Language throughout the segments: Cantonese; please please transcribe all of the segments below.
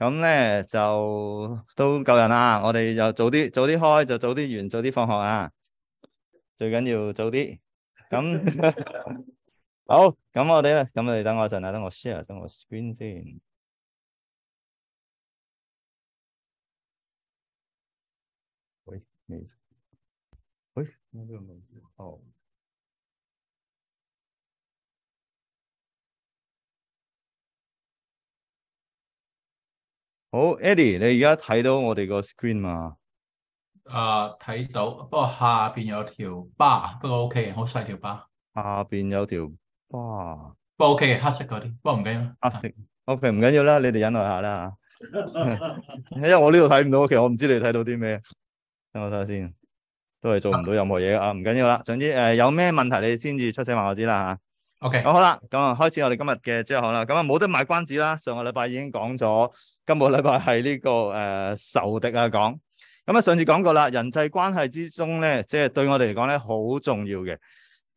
咁咧就都夠人啦，我哋就早啲早啲開，就早啲完，早啲放學啊！最緊要早啲。咁 好，咁我哋咧，咁你等我一陣啊，等我 share，等我 screen 先。喂，咩事？喂，咩嘢？哦。好，Eddie，你而家睇到我哋個 screen 嘛？啊，睇到，不過下邊有條疤，不過 OK，好細條疤。下邊有條疤，不過 OK，黑色嗰啲，不過唔緊要。黑色 OK，唔緊要啦，你哋忍耐下啦吓。 因為我呢度睇唔到，其實我唔知你哋睇到啲咩。等我睇下先，都係做唔到任何嘢 啊！唔緊要啦，總之誒、呃，有咩問題你先至出聲話我知啦吓。OK，好啦，咁啊，開始我哋今日嘅，即係好啦。咁啊，冇得賣關子啦。上個禮拜已經講咗，今個禮拜係呢個誒仇敵啊講。咁啊，上次講過啦，人際關係之中咧，即係對我哋嚟講咧，好重要嘅。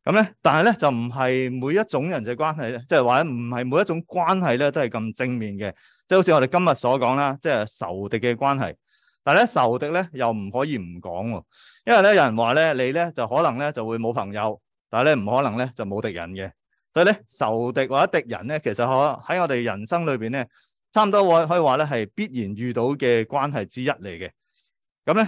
咁咧，但係咧就唔係每一種人際關係咧，即係話咧唔係每一種關係咧都係咁正面嘅。即係好似我哋今日所講啦，即係仇敵嘅關係。但係咧仇敵咧又唔可以唔講，因為咧有人話咧你咧就可能咧就會冇朋友，但係咧唔可能咧就冇敵人嘅。所以咧仇敵或者敵人咧，其實可喺我哋人生裏邊咧，差唔多可可以話咧係必然遇到嘅關係之一嚟嘅。咁咧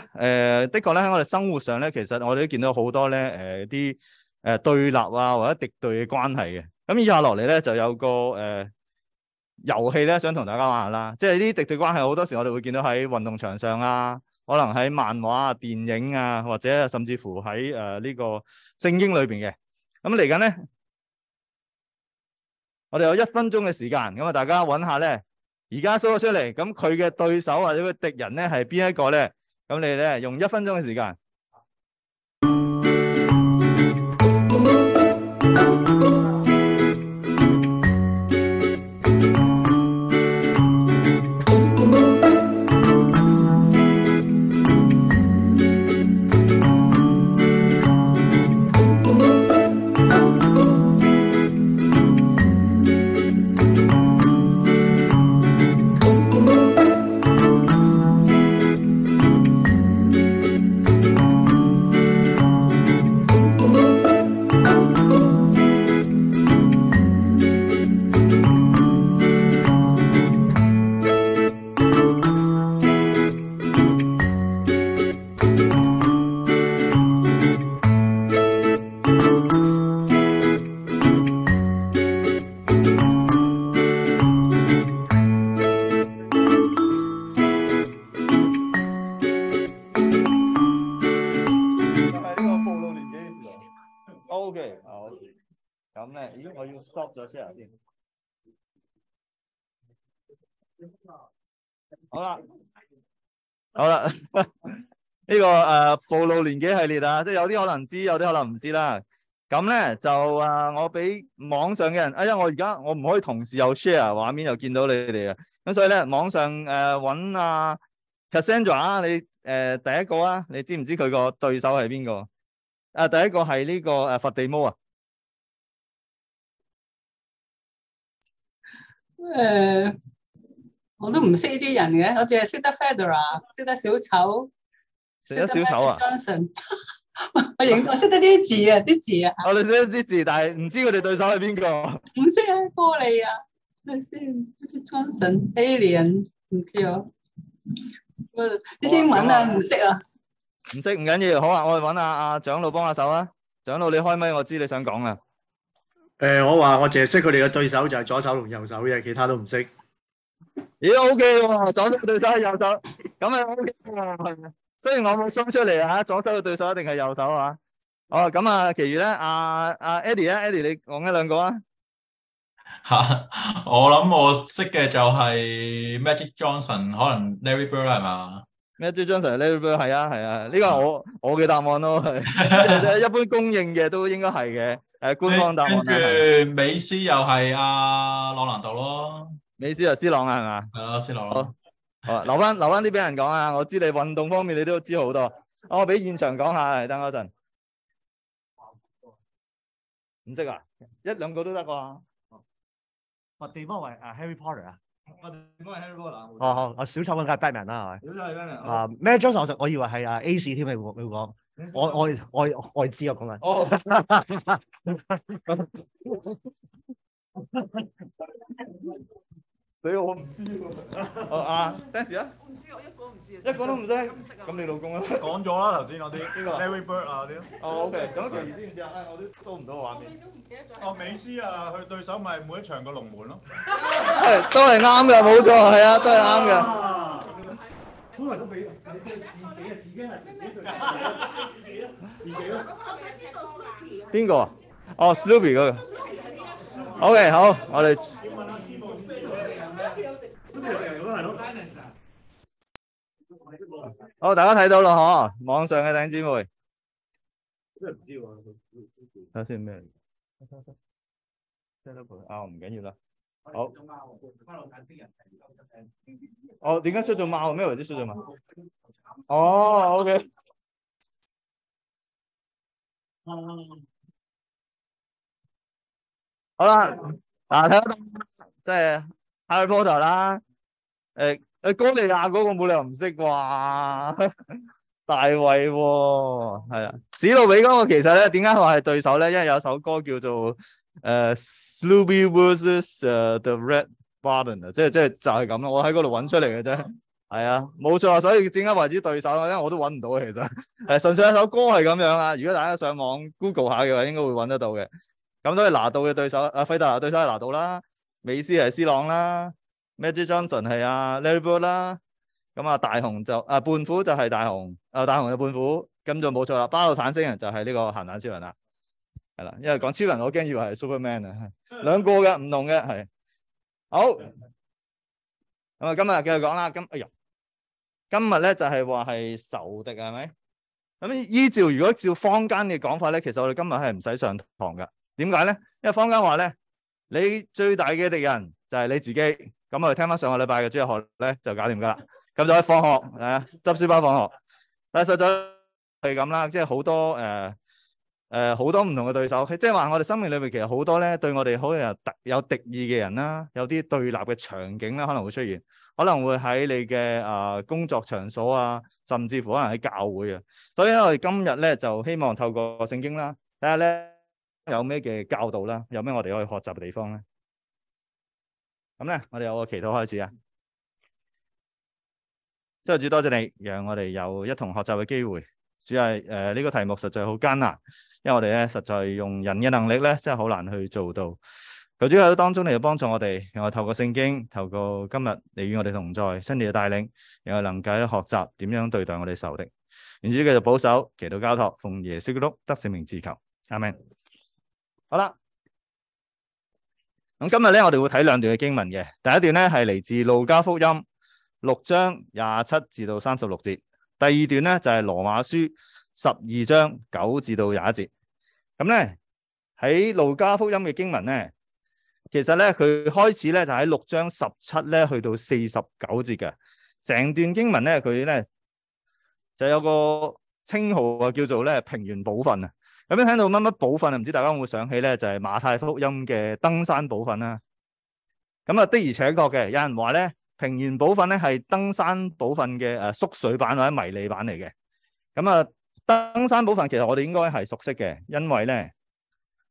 誒，的確咧喺我哋生活上咧，其實我哋都見到好多咧誒啲誒對立啊或者敵對嘅關係嘅。咁、嗯、以下落嚟咧就有個誒、呃、遊戲咧，想同大家玩下啦。即係呢啲敵對關係，好多時我哋會見到喺運動場上啊，可能喺漫畫、電影啊，或者甚至乎喺誒呢個聖經裏邊嘅。咁嚟緊咧。我哋有一分鐘嘅時間，咁啊大家揾下呢。而家搜咗出嚟，咁佢嘅對手或者佢敵人咧係邊一個咧？咁你哋用一分鐘嘅時間。好啦，呢、這個誒、呃、暴露年紀系列啊，即係有啲可能知，有啲可能唔知啦。咁咧就誒、呃，我俾網上嘅人，因、哎、呀，我而家我唔可以同時有 share 畫面又見到你哋啊。咁所以咧，網上誒揾阿 Cassandra，你誒第一個啊，你知唔知佢個對手係邊個？啊、呃，第一個係呢、呃、個誒、這個呃、佛地魔啊。誒、呃。我都唔識呢啲人嘅，我淨係識得 Federer 識得小丑，識得小丑啊！Johnson， 我，我認我識得啲字， 字啊，啲字啊！我哋識得啲字，但係唔知佢哋對手係邊個。唔識 你啊，哥利啊，唔識，唔識 Johnson，Alien，唔知啊，你先揾啊，唔識啊，唔識唔緊要，好啊，我去揾阿阿長老幫下手啊，長老你開咪，我知你想講啊。誒、呃，我話我淨係識佢哋嘅對手就係左手同右手嘅，其他都唔識。咦，O K 喎，左手嘅對手係右手，咁啊 O K 喎，係啊。雖然我冇諗出嚟啊，左手嘅對手一定係右手啊。哦，咁啊，其餘咧，阿阿 Eddie 咧，Eddie 你講一兩個啊。吓， 我諗我識嘅就係 Magic Johnson，可能 Larry Bird 係嘛？Magic Johnson、Larry Bird 係啊，係啊，呢個我 我嘅答案咯，即 係一般公認嘅都應該係嘅。誒、 啊，官方答案。跟住美斯又係阿朗拿度咯。 美斯就 C 朗啊，係嘛？係啊，C 朗。好，留翻留翻啲俾人講啊！我知你運動方面你都知好多，我、哦、俾現場講下，等我一陣。唔識啊？一兩個都得啩？啊，地方為啊 Harry Potter 啊？我地方係 Harry Potter。哦哦，小丑棍梗係 Batman 啦，係咪？小丑係 Batman 啊，咩 j o h 我以為係啊 Ace 添，你你講，我我我我，我知啊，講緊。哦 你我唔知喎。啊，咩事啊？我唔知，我一個唔知。一個都唔識。咁你老公咧？講咗啦，頭先嗰啲，Harry Bird 啊啲。哦，OK。咁第二啲唔知啊，我啲都唔多畫面。哦，美斯啊，佢對手咪每一場嘅龍門咯。都係啱嘅，冇錯係啊，都係啱嘅。本嚟都畀。自己啊，自己係自己對自己啊，自己咯。邊個啊？哦，Snoopy 嗰個。OK，好，我哋。好，大家睇到咯，嗬，網上嘅頂姊妹。真係唔知喎，睇下先咩。嚟嘅啊，唔緊要啦。好。哦，點解出咗貓啊？咩或者出咗貓？哦，OK。好啦，嗱，睇下即係哈利波特啦，誒。阿歌利亞嗰個冇理由唔識啩， 大衛喎，係啊，史諾比嗰個其實咧，點解話係對手咧？因為有首歌叫做誒、呃、，Snoopy versus、uh, The Red Baron 啊，即係即係就係咁咯，我喺嗰度揾出嚟嘅啫。係啊，冇錯，所以點解為之對手咧？因為我都揾唔到。其實誒，純粹一首歌係咁樣啦。如果大家上網 Google 下嘅話，應該會揾得到嘅。咁都係拿度嘅對手，阿、啊、費特拿對手係拿度啦，美斯係斯朗啦。Magic Johnson 係啊，Larry Bird 啦，咁啊大雄就，啊半虎就係大雄，啊、哦、大雄就半虎，咁就冇錯啦。巴魯坦星人就係呢個咸蛋超人啦，係啦，因為講超人我驚以為係 Superman 啊，兩個嘅唔同嘅係好，咁啊今日繼續講啦，今哎呀，今日咧就係話係仇敵係咪？咁依照如果照坊間嘅講法咧，其實我哋今日係唔使上堂噶，點解咧？因為坊間話咧，你最大嘅敵人就係你自己。咁我哋聽翻上個禮拜嘅主日學呢就搞掂㗎喇，咁就可以放學啊，執書包放學。但、啊、係、啊、實在係咁啦，即係好多誒好多唔、呃呃、同嘅對手。即係話我哋生命裏面其實好多呢對我哋好有敵意嘅人啦，有啲對立嘅場景可能會出現，可能會喺你嘅、呃、工作場所啊，甚至乎可能喺教會啊。所以我哋今日呢就希望透過聖經啦，睇下呢有咩嘅教導啦，有咩我哋可以學習嘅地方呢。咁咧，我哋有個祈禱開始啊！真係主，多謝你，讓我哋有一同學習嘅機會。主啊，誒，呢個題目實在好艱難，因為我哋咧實在用人嘅能力咧，真係好難去做到。求主喺當中嚟到幫助我哋，然後透過聖經，透過今日，你與我哋同在，親自帶領，然後能夠咧學習點樣對待我哋仇敵。願主繼續保守、祈禱、交託，奉耶穌基督得勝名祈求。阿門。好啦。咁今日咧，我哋會睇兩段嘅經文嘅。第一段咧係嚟自路加福音六章廿七至到三十六節。第二段咧就係羅馬書十二章九至到廿一節。咁咧喺路加福音嘅經文咧，其實咧佢開始咧就喺六章十七咧去到四十九節嘅成段經文咧，佢咧就有個稱號啊叫做咧平原部分啊。有冇、嗯、聽到乜乜寶訓啊？唔知大家會唔會想起咧？就係、是、馬太福音嘅登山寶訓啦、啊。咁啊的而且確嘅，有人話咧，平原寶訓咧係登山寶訓嘅誒縮水版或者迷你版嚟嘅。咁啊登山寶訓其實我哋應該係熟悉嘅，因為咧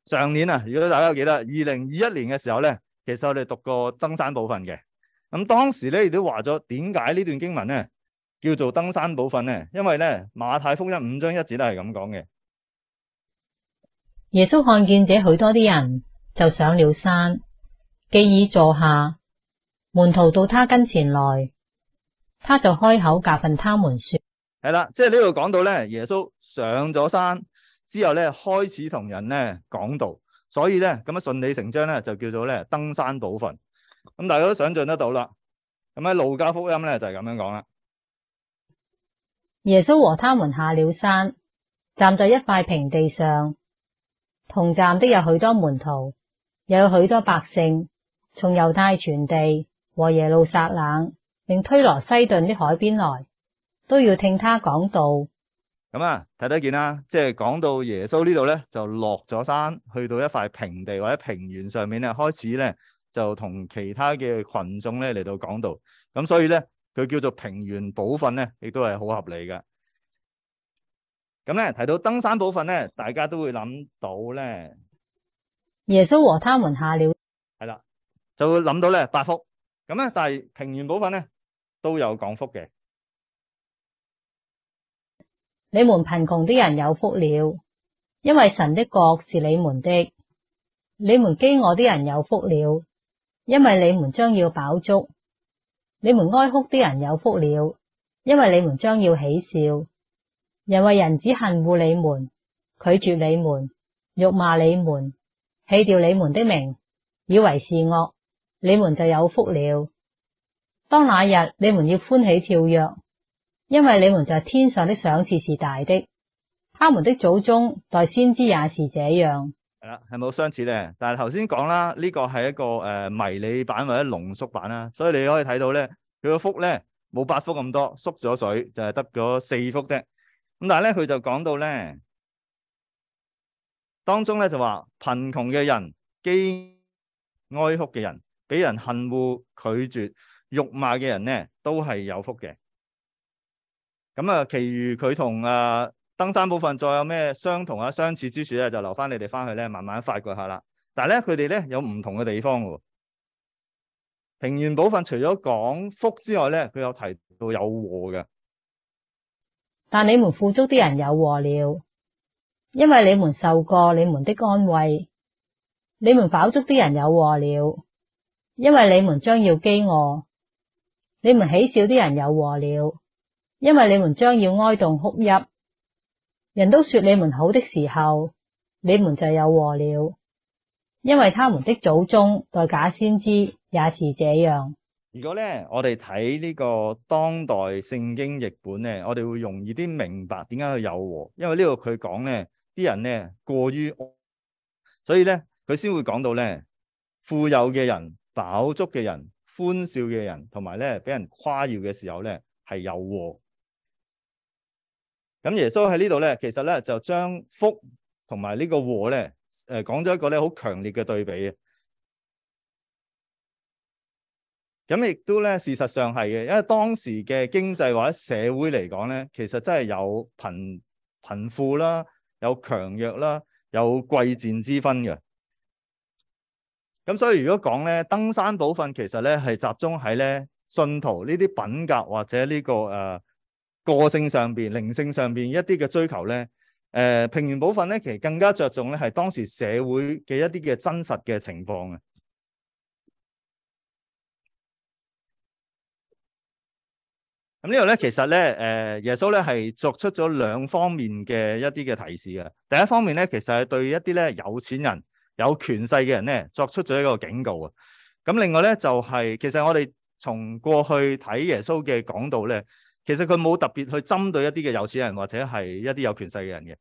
上年啊，如果大家記得二零二一年嘅時候咧，其實我哋讀過登山寶訓嘅。咁當時咧亦都話咗點解呢段經文咧叫做登山寶訓咧？因為咧馬太福音五章一節都係咁講嘅。耶穌看見這許多啲人，就上了山，既已坐下，門徒到他跟前來，他就開口教訓他們說：係啦，即係呢度講到咧，耶穌上咗山之後咧，開始同人咧講道，所以咧咁樣順理成章咧就叫做咧登山寶訓。咁大家都想象得到啦，咁喺路加福音咧就係咁樣講啦。耶穌和他們下了山，站在一塊平地上。同站的有許多門徒，又有許多百姓，從猶太全地和耶路撒冷，並推羅西頓的海邊來，都要聽他講道。咁啊，睇得見啦、啊，即係講到耶穌呢度咧，就落咗山，去到一塊平地或者平原上面咧，開始咧就同其他嘅群眾咧嚟到講道。咁所以咧，佢叫做平原寶訓咧，亦都係好合理嘅。咁咧提到登山部分咧，大家都會諗到咧耶穌和他們下了係啦，就會諗到咧八福咁咧。但係平原部分咧都有講福嘅。你們貧窮的人有福了，因為神的國是你們的；你們飢餓的人有福了，因為你們將要飽足；你們哀哭的人有福了，因為你們將要喜笑。人為人子恨惡你們，拒絕你們，辱罵你們，棄掉你們的名，以為是惡，你們就有福了。當那日你們要歡喜跳躍，因為你們在天上的賞賜是大的。他們的祖宗待先知也是這樣。係啦，係咪好相似咧？但係頭先講啦，呢、這個係一個誒迷你版或者濃縮版啦，所以你可以睇到咧，佢個福咧冇八福咁多，縮咗水就係得咗四福啫。但係咧，佢就講到咧，當中咧就話貧窮嘅人、悲哀哭嘅人、俾人恨惡拒絕、辱罵嘅人咧，都係有福嘅。咁、嗯、啊，其餘佢同啊登山部分再有咩相同啊相似之處咧，就留翻你哋翻去咧，慢慢發掘下啦。但係咧，佢哋咧有唔同嘅地方嘅，哦。平原部分除咗講福之外咧，佢有提到有禍嘅。但你們富足的人有禍了，因為你們受過你們的安慰；你們飽足的人有禍了，因為你們將要飢餓；你們喜笑的人有禍了，因為你們將要哀慟哭泣。人都說你們好的時候，你們就有禍了，因為他們的祖宗待假先知也是這樣。如果咧，我哋睇呢個當代聖經譯本咧，我哋會容易啲明白點解佢有禍，因為呢度佢講咧，啲人咧過於，所以咧佢先會講到咧，富有嘅人、飽足嘅人、歡笑嘅人，同埋咧俾人誇耀嘅時候咧，係有禍。咁耶穌喺呢度咧，其實咧就將福同埋呢個禍咧，誒講咗一個咧好強烈嘅對比。咁亦都咧，事實上係嘅，因為當時嘅經濟或者社會嚟講咧，其實真係有貧貧富啦，有強弱啦，有貴賤之分嘅。咁所以如果講咧，登山部分其實咧係集中喺咧信徒呢啲品格或者呢、這個誒、呃、個性上邊、靈性上邊一啲嘅追求咧。誒、呃、平原部分咧，其實更加着重咧係當時社會嘅一啲嘅真實嘅情況嘅。咁呢度咧，其實咧，誒耶穌咧係作出咗兩方面嘅一啲嘅提示嘅。第一方面咧，其實係對一啲咧有錢人、有權勢嘅人咧作出咗一個警告啊。咁另外咧，就係其實我哋從過去睇耶穌嘅講道咧，其實佢冇特別去針對一啲嘅有錢人或者係一啲有權勢嘅人嘅。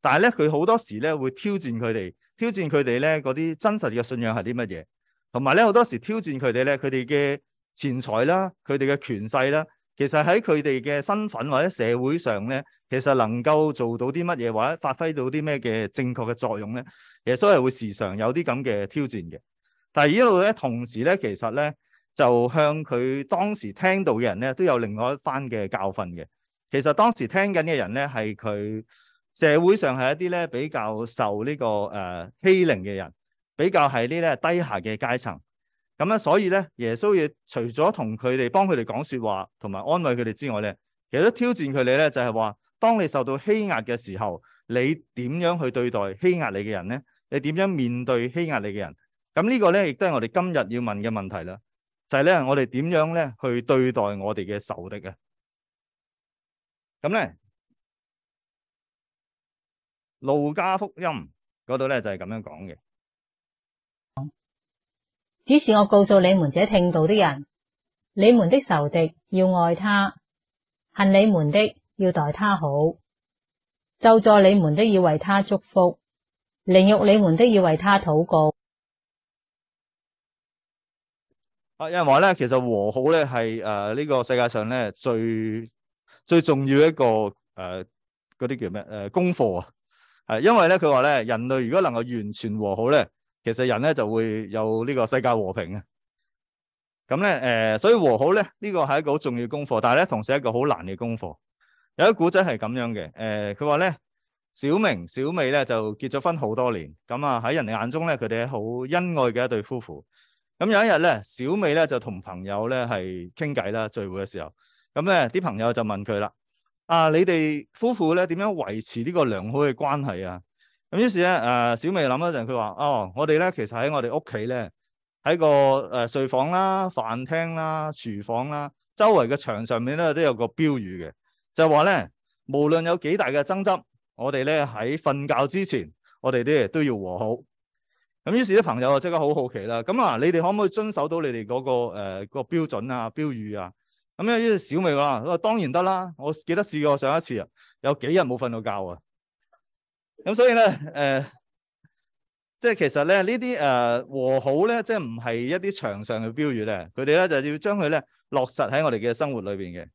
但係咧，佢好多時咧會挑戰佢哋，挑戰佢哋咧嗰啲真實嘅信仰係啲乜嘢，同埋咧好多時挑戰佢哋咧，佢哋嘅錢財啦，佢哋嘅權勢啦。其實喺佢哋嘅身份或者社會上咧，其實能夠做到啲乜嘢，或者發揮到啲咩嘅正確嘅作用咧，其實所係會時常有啲咁嘅挑戰嘅。但係一路咧，同時咧，其實咧就向佢當時聽到嘅人咧，都有另外一番嘅教訓嘅。其實當時聽緊嘅人咧，係佢社會上係一啲咧比較受呢、這個誒、呃、欺凌嘅人，比較係呢咧低下嘅階層。咁咧，所以咧，耶穌亦除咗同佢哋幫佢哋講説話同埋安慰佢哋之外咧，其實都挑戰佢哋咧，就係話：當你受到欺壓嘅時候，你點樣去對待欺壓你嘅人咧？你點樣面對欺壓你嘅人？咁呢個咧，亦都係我哋今日要問嘅問題啦。就係咧，我哋點樣咧去對待我哋嘅仇敵啊？咁咧，《路加福音》嗰度咧就係咁樣講嘅。只是我告訴你們這聽道的人，你們的仇敵要愛他，恨你們的要待他好，咒詛你們的要為他祝福，凌辱你們的要為他禱告。啊，有人話咧，其實和好咧係誒呢、呃這個世界上咧最最重要一個誒嗰啲叫咩誒、呃、功課啊，係因為咧佢話咧人類如果能夠完全和好咧。其實人咧就會有呢個世界和平啊，咁咧誒，所以和好咧呢個係一個好重要功課，但係咧同時係一個好難嘅功課。有一古仔係咁樣嘅，誒、呃，佢話咧小明小美咧就結咗婚好多年，咁啊喺人哋眼中咧佢哋係好恩愛嘅一對夫婦。咁有一日咧小美咧就同朋友咧係傾偈啦，聚會嘅時候，咁咧啲朋友就問佢啦：「啊，你哋夫婦咧點樣維持呢個良好嘅關係啊？咁於是咧，誒、呃、小美諗一陣，佢話：哦，我哋咧其實喺我哋屋企咧，喺個誒睡房啦、飯廳啦、廚房啦，周圍嘅牆上面咧都有個標語嘅，就話、係、咧，無論有幾大嘅爭執，我哋咧喺瞓覺之前，我哋啲都要和好。咁於是啲朋友啊，即刻好好奇啦。咁啊，你哋可唔可以遵守到你哋嗰、嗰個誒、呃嗰個標準啊標語啊？咁咧，於是小美話：，我當然得啦，我記得試過上一次啊，有幾日冇瞓到覺啊。咁所以咧，誒、呃，即係其實咧，呢啲誒和好咧，即係唔係一啲牆上嘅標語咧，佢哋咧就要將佢咧落實喺我哋嘅生活裏邊嘅。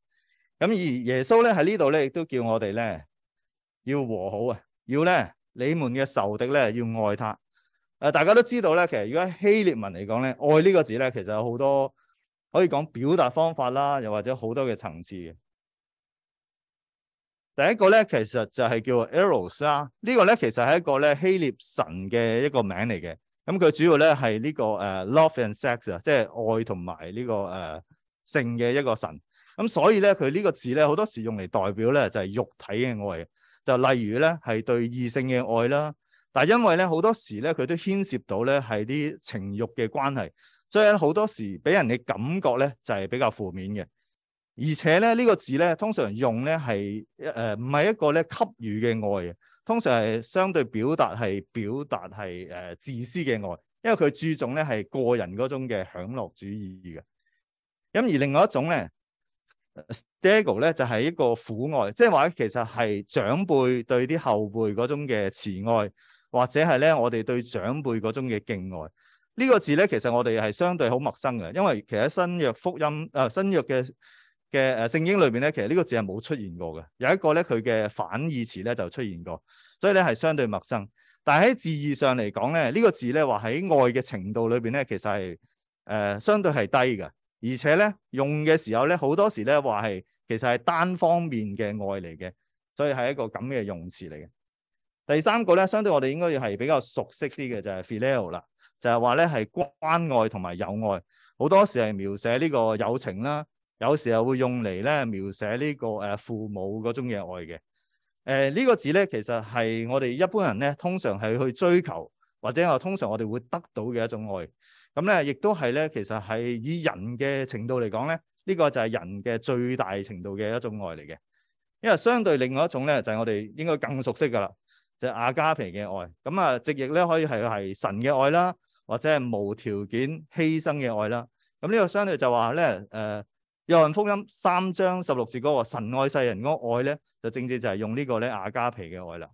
咁而耶穌咧喺呢度咧，亦都叫我哋咧要和好啊，要咧你們嘅仇敵咧要愛他。誒、呃，大家都知道咧，其實如果喺希臘文嚟講咧，愛呢個字咧，其實有好多可以講表達方法啦，又或者好多嘅層次嘅。第一個咧，其實就係叫 Eros 啦。呢個咧，其實係一個咧希臘神嘅一個名嚟嘅。咁佢主要咧係呢個誒 Love and Sex 啊，即係愛同埋呢個誒性嘅一個神。咁所以咧，佢呢個字咧，好多時用嚟代表咧就係肉體嘅愛。就例如咧係對異性嘅愛啦。但係因為咧好多時咧佢都牽涉到咧係啲情慾嘅關係，所以咧好多時俾人嘅感覺咧就係比較負面嘅。而且咧呢，這個字咧通常用咧係誒唔係一個咧給予嘅愛，通常係相對表達係表達係誒、呃、自私嘅愛，因為佢注重咧係個人嗰種嘅享樂主義嘅。咁而另外一種咧，Stego 咧就係、是、一個苦愛，即係話其實係長輩對啲後輩嗰種嘅慈愛，或者係咧我哋對長輩嗰種嘅敬愛。呢，這個字咧，其實我哋係相對好陌生嘅，因為其實新約福音誒、呃、新約嘅。嘅誒聖經裏邊咧，其實呢個字係冇出現過嘅。有一個咧，佢嘅反義詞咧就出現過，所以咧係相對陌生。但係喺字義上嚟講咧，呢、這個字咧話喺愛嘅程度裏邊咧，其實係誒、呃、相對係低嘅，而且咧用嘅時候咧好多時咧話係其實係單方面嘅愛嚟嘅，所以係一個咁嘅用詞嚟嘅。第三個咧，相對我哋應該要係比較熟悉啲嘅就係 filial 啦，就係話咧係關愛同埋友愛，好多時係描寫呢個友情啦。有時候會用嚟咧描寫呢、這個誒父母嗰種嘅愛嘅，誒、呃、呢、這個字咧其實係我哋一般人咧通常係去追求，或者係通常我哋會得到嘅一種愛，咁、嗯、咧亦都係咧其實係以人嘅程度嚟講咧，呢、這個就係人嘅最大程度嘅一種愛嚟嘅，因為相對另外一種咧就係、是、我哋應該更熟悉噶啦，就係、是、阿加皮嘅愛，咁啊直譯咧可以係係神嘅愛啦，或者係無條件犧牲嘅愛啦，咁、嗯、呢、這個相對就話咧誒。呃約翰福音三章十六節嗰個神愛世人嗰個愛咧，就正正就係用個呢個咧亞加皮嘅愛啦。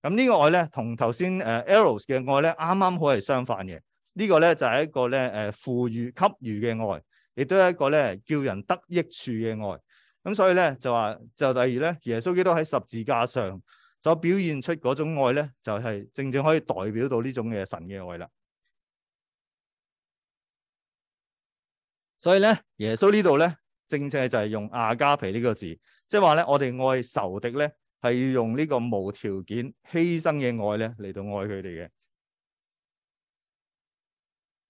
咁、嗯、呢、這個愛咧，同頭先誒、呃、eros 嘅愛咧，啱啱好係相反嘅。這個、呢個咧就係、是、一個咧誒賦予給予嘅愛，亦都係一個咧叫人得益處嘅愛。咁、嗯、所以咧就話就第二咧，耶穌基督喺十字架上所表現出嗰種愛咧，就係、是、正正可以代表到呢種嘅神嘅愛啦。所以咧耶穌呢度咧。正正就係用亞加皮呢個字，即係話咧，我哋愛仇敵咧，係要用呢個無條件犧牲嘅愛咧嚟到愛佢哋嘅。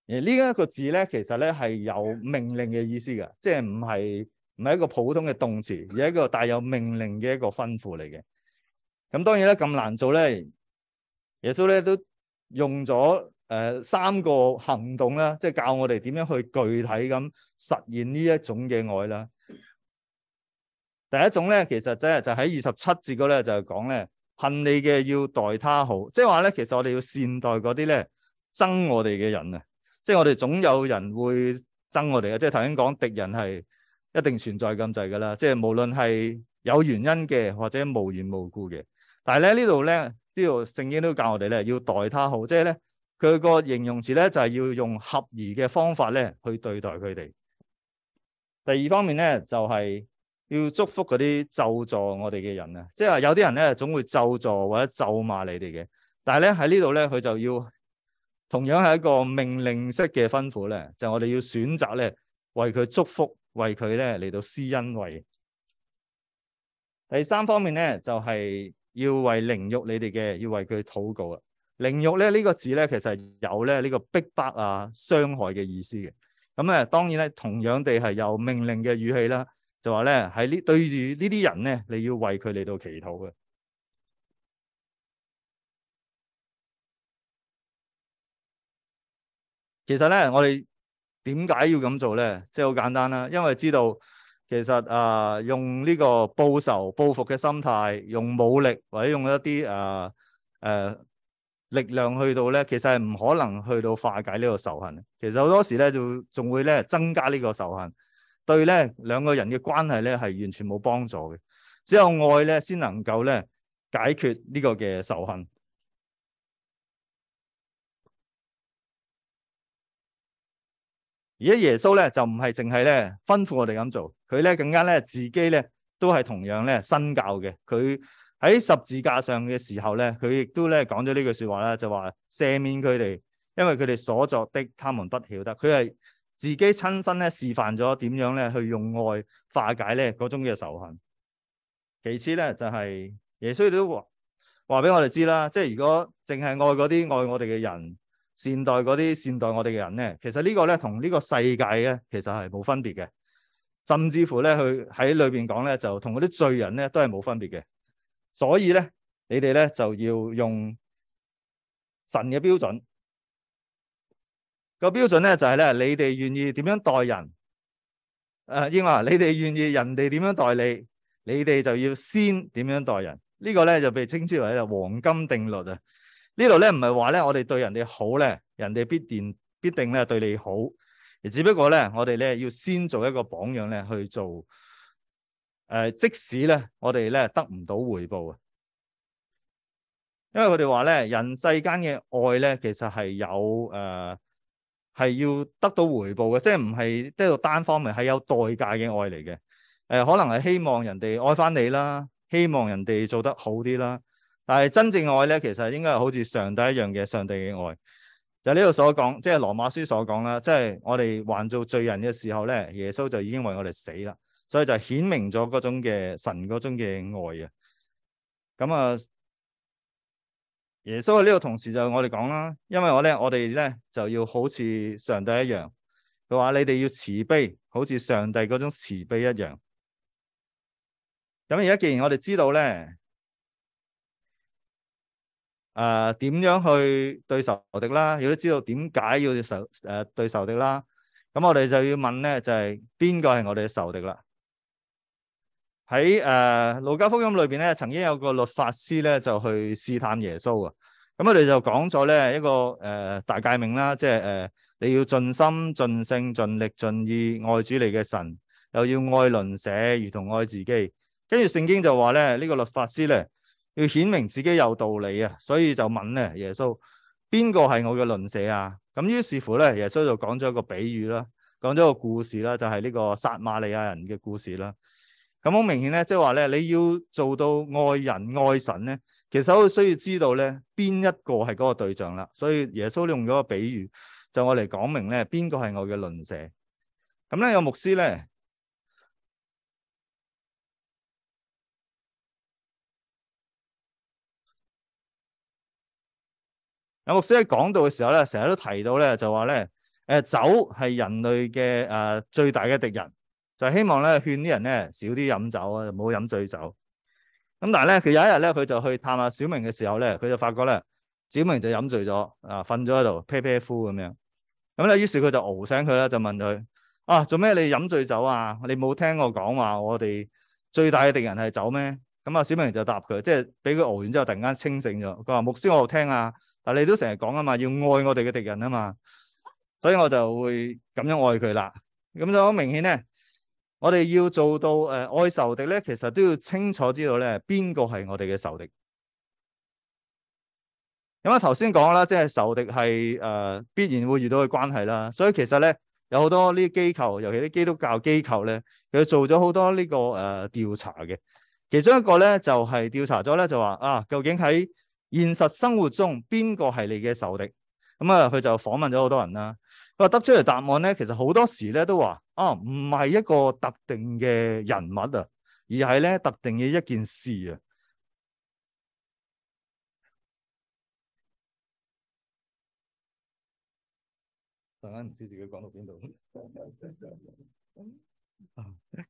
而呢一個字咧，其實咧係有命令嘅意思㗎，即係唔係唔係一個普通嘅動詞，而係一個帶有命令嘅一個吩咐嚟嘅。咁當然咧咁難做咧，耶穌咧都用咗。誒、呃，三個行動咧，即係教我哋點樣去具體咁實現呢一種嘅愛啦。第一種咧，其實即係就喺二十七節嗰度，就係講咧，恨你嘅要待他好，即係話咧，其實我哋要善待嗰啲咧憎我哋嘅人啊，即係我哋總有人會憎我哋嘅，即係頭先講敵人係一定存在咁滯噶啦，即係無論係有原因嘅或者無緣無故嘅，但係咧，呢度咧，呢度聖經都教我哋咧，要待他好，即係咧。佢個形容詞咧，就係、是、要用合宜嘅方法咧，去對待佢哋。第二方面咧，就係、是、要祝福嗰啲咒詛我哋嘅人啊，即係有啲人咧總會咒詛或者咒罵你哋嘅。但係咧喺呢度咧，佢就要同樣係一個命令式嘅吩咐咧，就是、我哋要選擇咧，為佢祝福，為佢咧嚟到施恩惠。第三方面咧，就係、是、要為凌辱你哋嘅，要為佢禱告啊。凌辱咧呢、這個字咧，其實有咧呢、這個逼迫啊、傷害嘅意思嘅。咁咧當然咧，同樣地係有命令嘅語氣啦，就話咧喺呢對住呢啲人咧，你要為佢嚟到祈禱嘅。其實咧，我哋點解要咁做咧？即係好簡單啦，因為知道其實啊、呃，用呢個報仇報復嘅心態，用武力或者用一啲啊誒。呃呃力量去到咧，其實係唔可能去到化解呢個仇恨。其實好多時咧，就仲會咧增加呢個仇恨，對咧兩個人嘅關係咧係完全冇幫助嘅。只有愛咧，先能夠咧解決呢個嘅仇恨。而家耶穌咧就唔係淨係咧吩咐我哋咁做，佢咧更加咧自己咧都係同樣咧身教嘅，佢。喺十字架上嘅時候咧，佢亦都咧講咗呢句說話啦，就話，赦免佢哋，因為佢哋所作的，他們不曉得。佢係自己親身咧示範咗點樣咧去用愛化解咧嗰種嘅仇恨。其次咧就係耶穌都話話俾我哋知啦，即係如果淨係愛嗰啲愛我哋嘅人，善待嗰啲善待我哋嘅人咧，其實呢個咧同呢個世界咧其實係冇分別嘅，甚至乎咧佢喺裏邊講咧就同嗰啲罪人咧都係冇分別嘅。所以咧，你哋咧就要用神嘅標準。那個標準咧就係咧、呃，你哋願意點樣待人，誒英啊，你哋願意人哋點樣待你，你哋就要先點樣待人。呢、這個咧就被如之超咧，黃金定律啊。呢度咧唔係話咧，我哋對人哋好咧，人哋必，必定必定咧對你好。只不過咧，我哋咧要先做一個榜樣咧去做。誒、呃，即使咧，我哋咧得唔到回報啊，因為佢哋話咧，人世間嘅愛咧，其實係有誒、係、呃、要得到回報嘅，即係唔係得到單方面，係有代價嘅愛嚟嘅。誒、呃，可能係希望人哋愛翻你啦，希望人哋做得好啲啦。但係真正愛咧，其實應該係好似上帝一樣嘅，上帝嘅愛。就呢、是、度所講，即係羅馬書所講啦，即、就、係、是、我哋還做罪人嘅時候咧，耶穌就已經為我哋死啦。所以就顯明咗嗰種嘅神嗰種嘅愛啊。咁啊，耶穌喺呢個同時就我哋講啦，因為我咧，我哋咧就要好似上帝一樣，佢話你哋要慈悲，好似上帝嗰種慈悲一樣。咁而家既然我哋知道咧，誒、呃、點樣去對仇敵啦，亦都知道點解要仇誒對仇敵啦，咁我哋就要問咧，就係邊個係我哋嘅仇敵啦？喺誒、呃《路加福音》裏邊咧，曾經有個律法師咧就去試探耶穌啊。咁我哋就講咗咧一個誒、呃、大誡命啦，即係誒、呃、你要盡心、盡性、盡力、盡意愛主你嘅神，又要愛鄰舍如同愛自己。跟住聖經就話咧呢、這個律法師咧要顯明自己有道理啊，所以就問咧耶穌，邊個係我嘅鄰舍啊？咁於是乎咧耶穌就講咗一個比喻啦，講咗個故事啦，就係、是、呢個撒瑪利亞人嘅故事啦。咁好明顯咧，即係話咧，你要做到愛人愛神咧，其實好需要知道咧邊一個係嗰個對象啦。所以耶穌用咗個比喻，就我嚟講明咧邊個係我嘅鄰舍。咁咧，有牧師咧，有牧師喺講道嘅時候咧，成日都提到咧，就話咧，誒酒係人類嘅誒、呃、最大嘅敵人。就希望咧勸啲人咧少啲飲酒啊，唔好飲醉酒。咁但係咧，佢有一日咧，佢就去探阿小明嘅時候咧，佢就發覺咧，小明就飲醉咗啊，瞓咗喺度，呸呸呼咁樣。咁、呃、咧，於、呃、是佢就熬醒佢啦，就問佢：啊，做咩你飲醉酒啊？你冇聽我講話，我哋最大嘅敵人係酒咩？咁、嗯、啊，小明就答佢，即係俾佢熬完之後，突然間清醒咗。佢話：牧師，我都聽啊，但係你都成日講啊嘛，要愛我哋嘅敵人啊嘛，所以我就會咁樣愛佢啦。咁就好明顯咧。我哋要做到誒、呃、愛仇敵咧，其實都要清楚知道咧，邊個係我哋嘅仇敵。咁啊頭先講啦，即係仇敵係誒必然會遇到嘅關係啦。所以其實咧有好多呢啲機構，尤其啲基督教機構咧，佢做咗好多呢、這個誒呃、調查嘅。其中一個咧就係調查咗咧，就話、是、啊，究竟喺現實生活中邊個係你嘅仇敵？咁、嗯、啊，佢就訪問咗好多人啦。佢話得出嚟答案咧，其實好多時咧都話啊，唔係一個特定嘅人物啊，而係咧特定嘅一件事啊。突然間唔知自己講到邊度。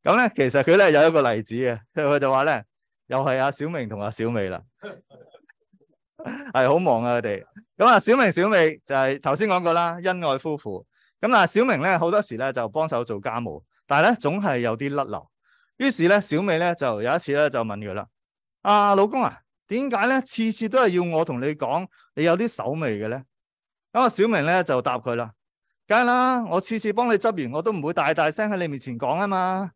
咁咧， 其實佢咧有一個例子嘅，即佢就話咧，又係阿小明同阿小美啦。 係好忙啊！佢哋咁啊，小明小美就係頭先講過啦，恩愛夫婦。咁啊，小明咧好多時咧就幫手做家務，但係咧總係有啲甩漏。於是咧，小美咧就有一次咧就問佢啦：啊，老公啊，點解咧次次都係要我同你講，你有啲手尾嘅咧？咁啊，小明咧就答佢啦：梗係啦，我次次幫你執完，我都唔會大大聲喺你面前講啊嘛。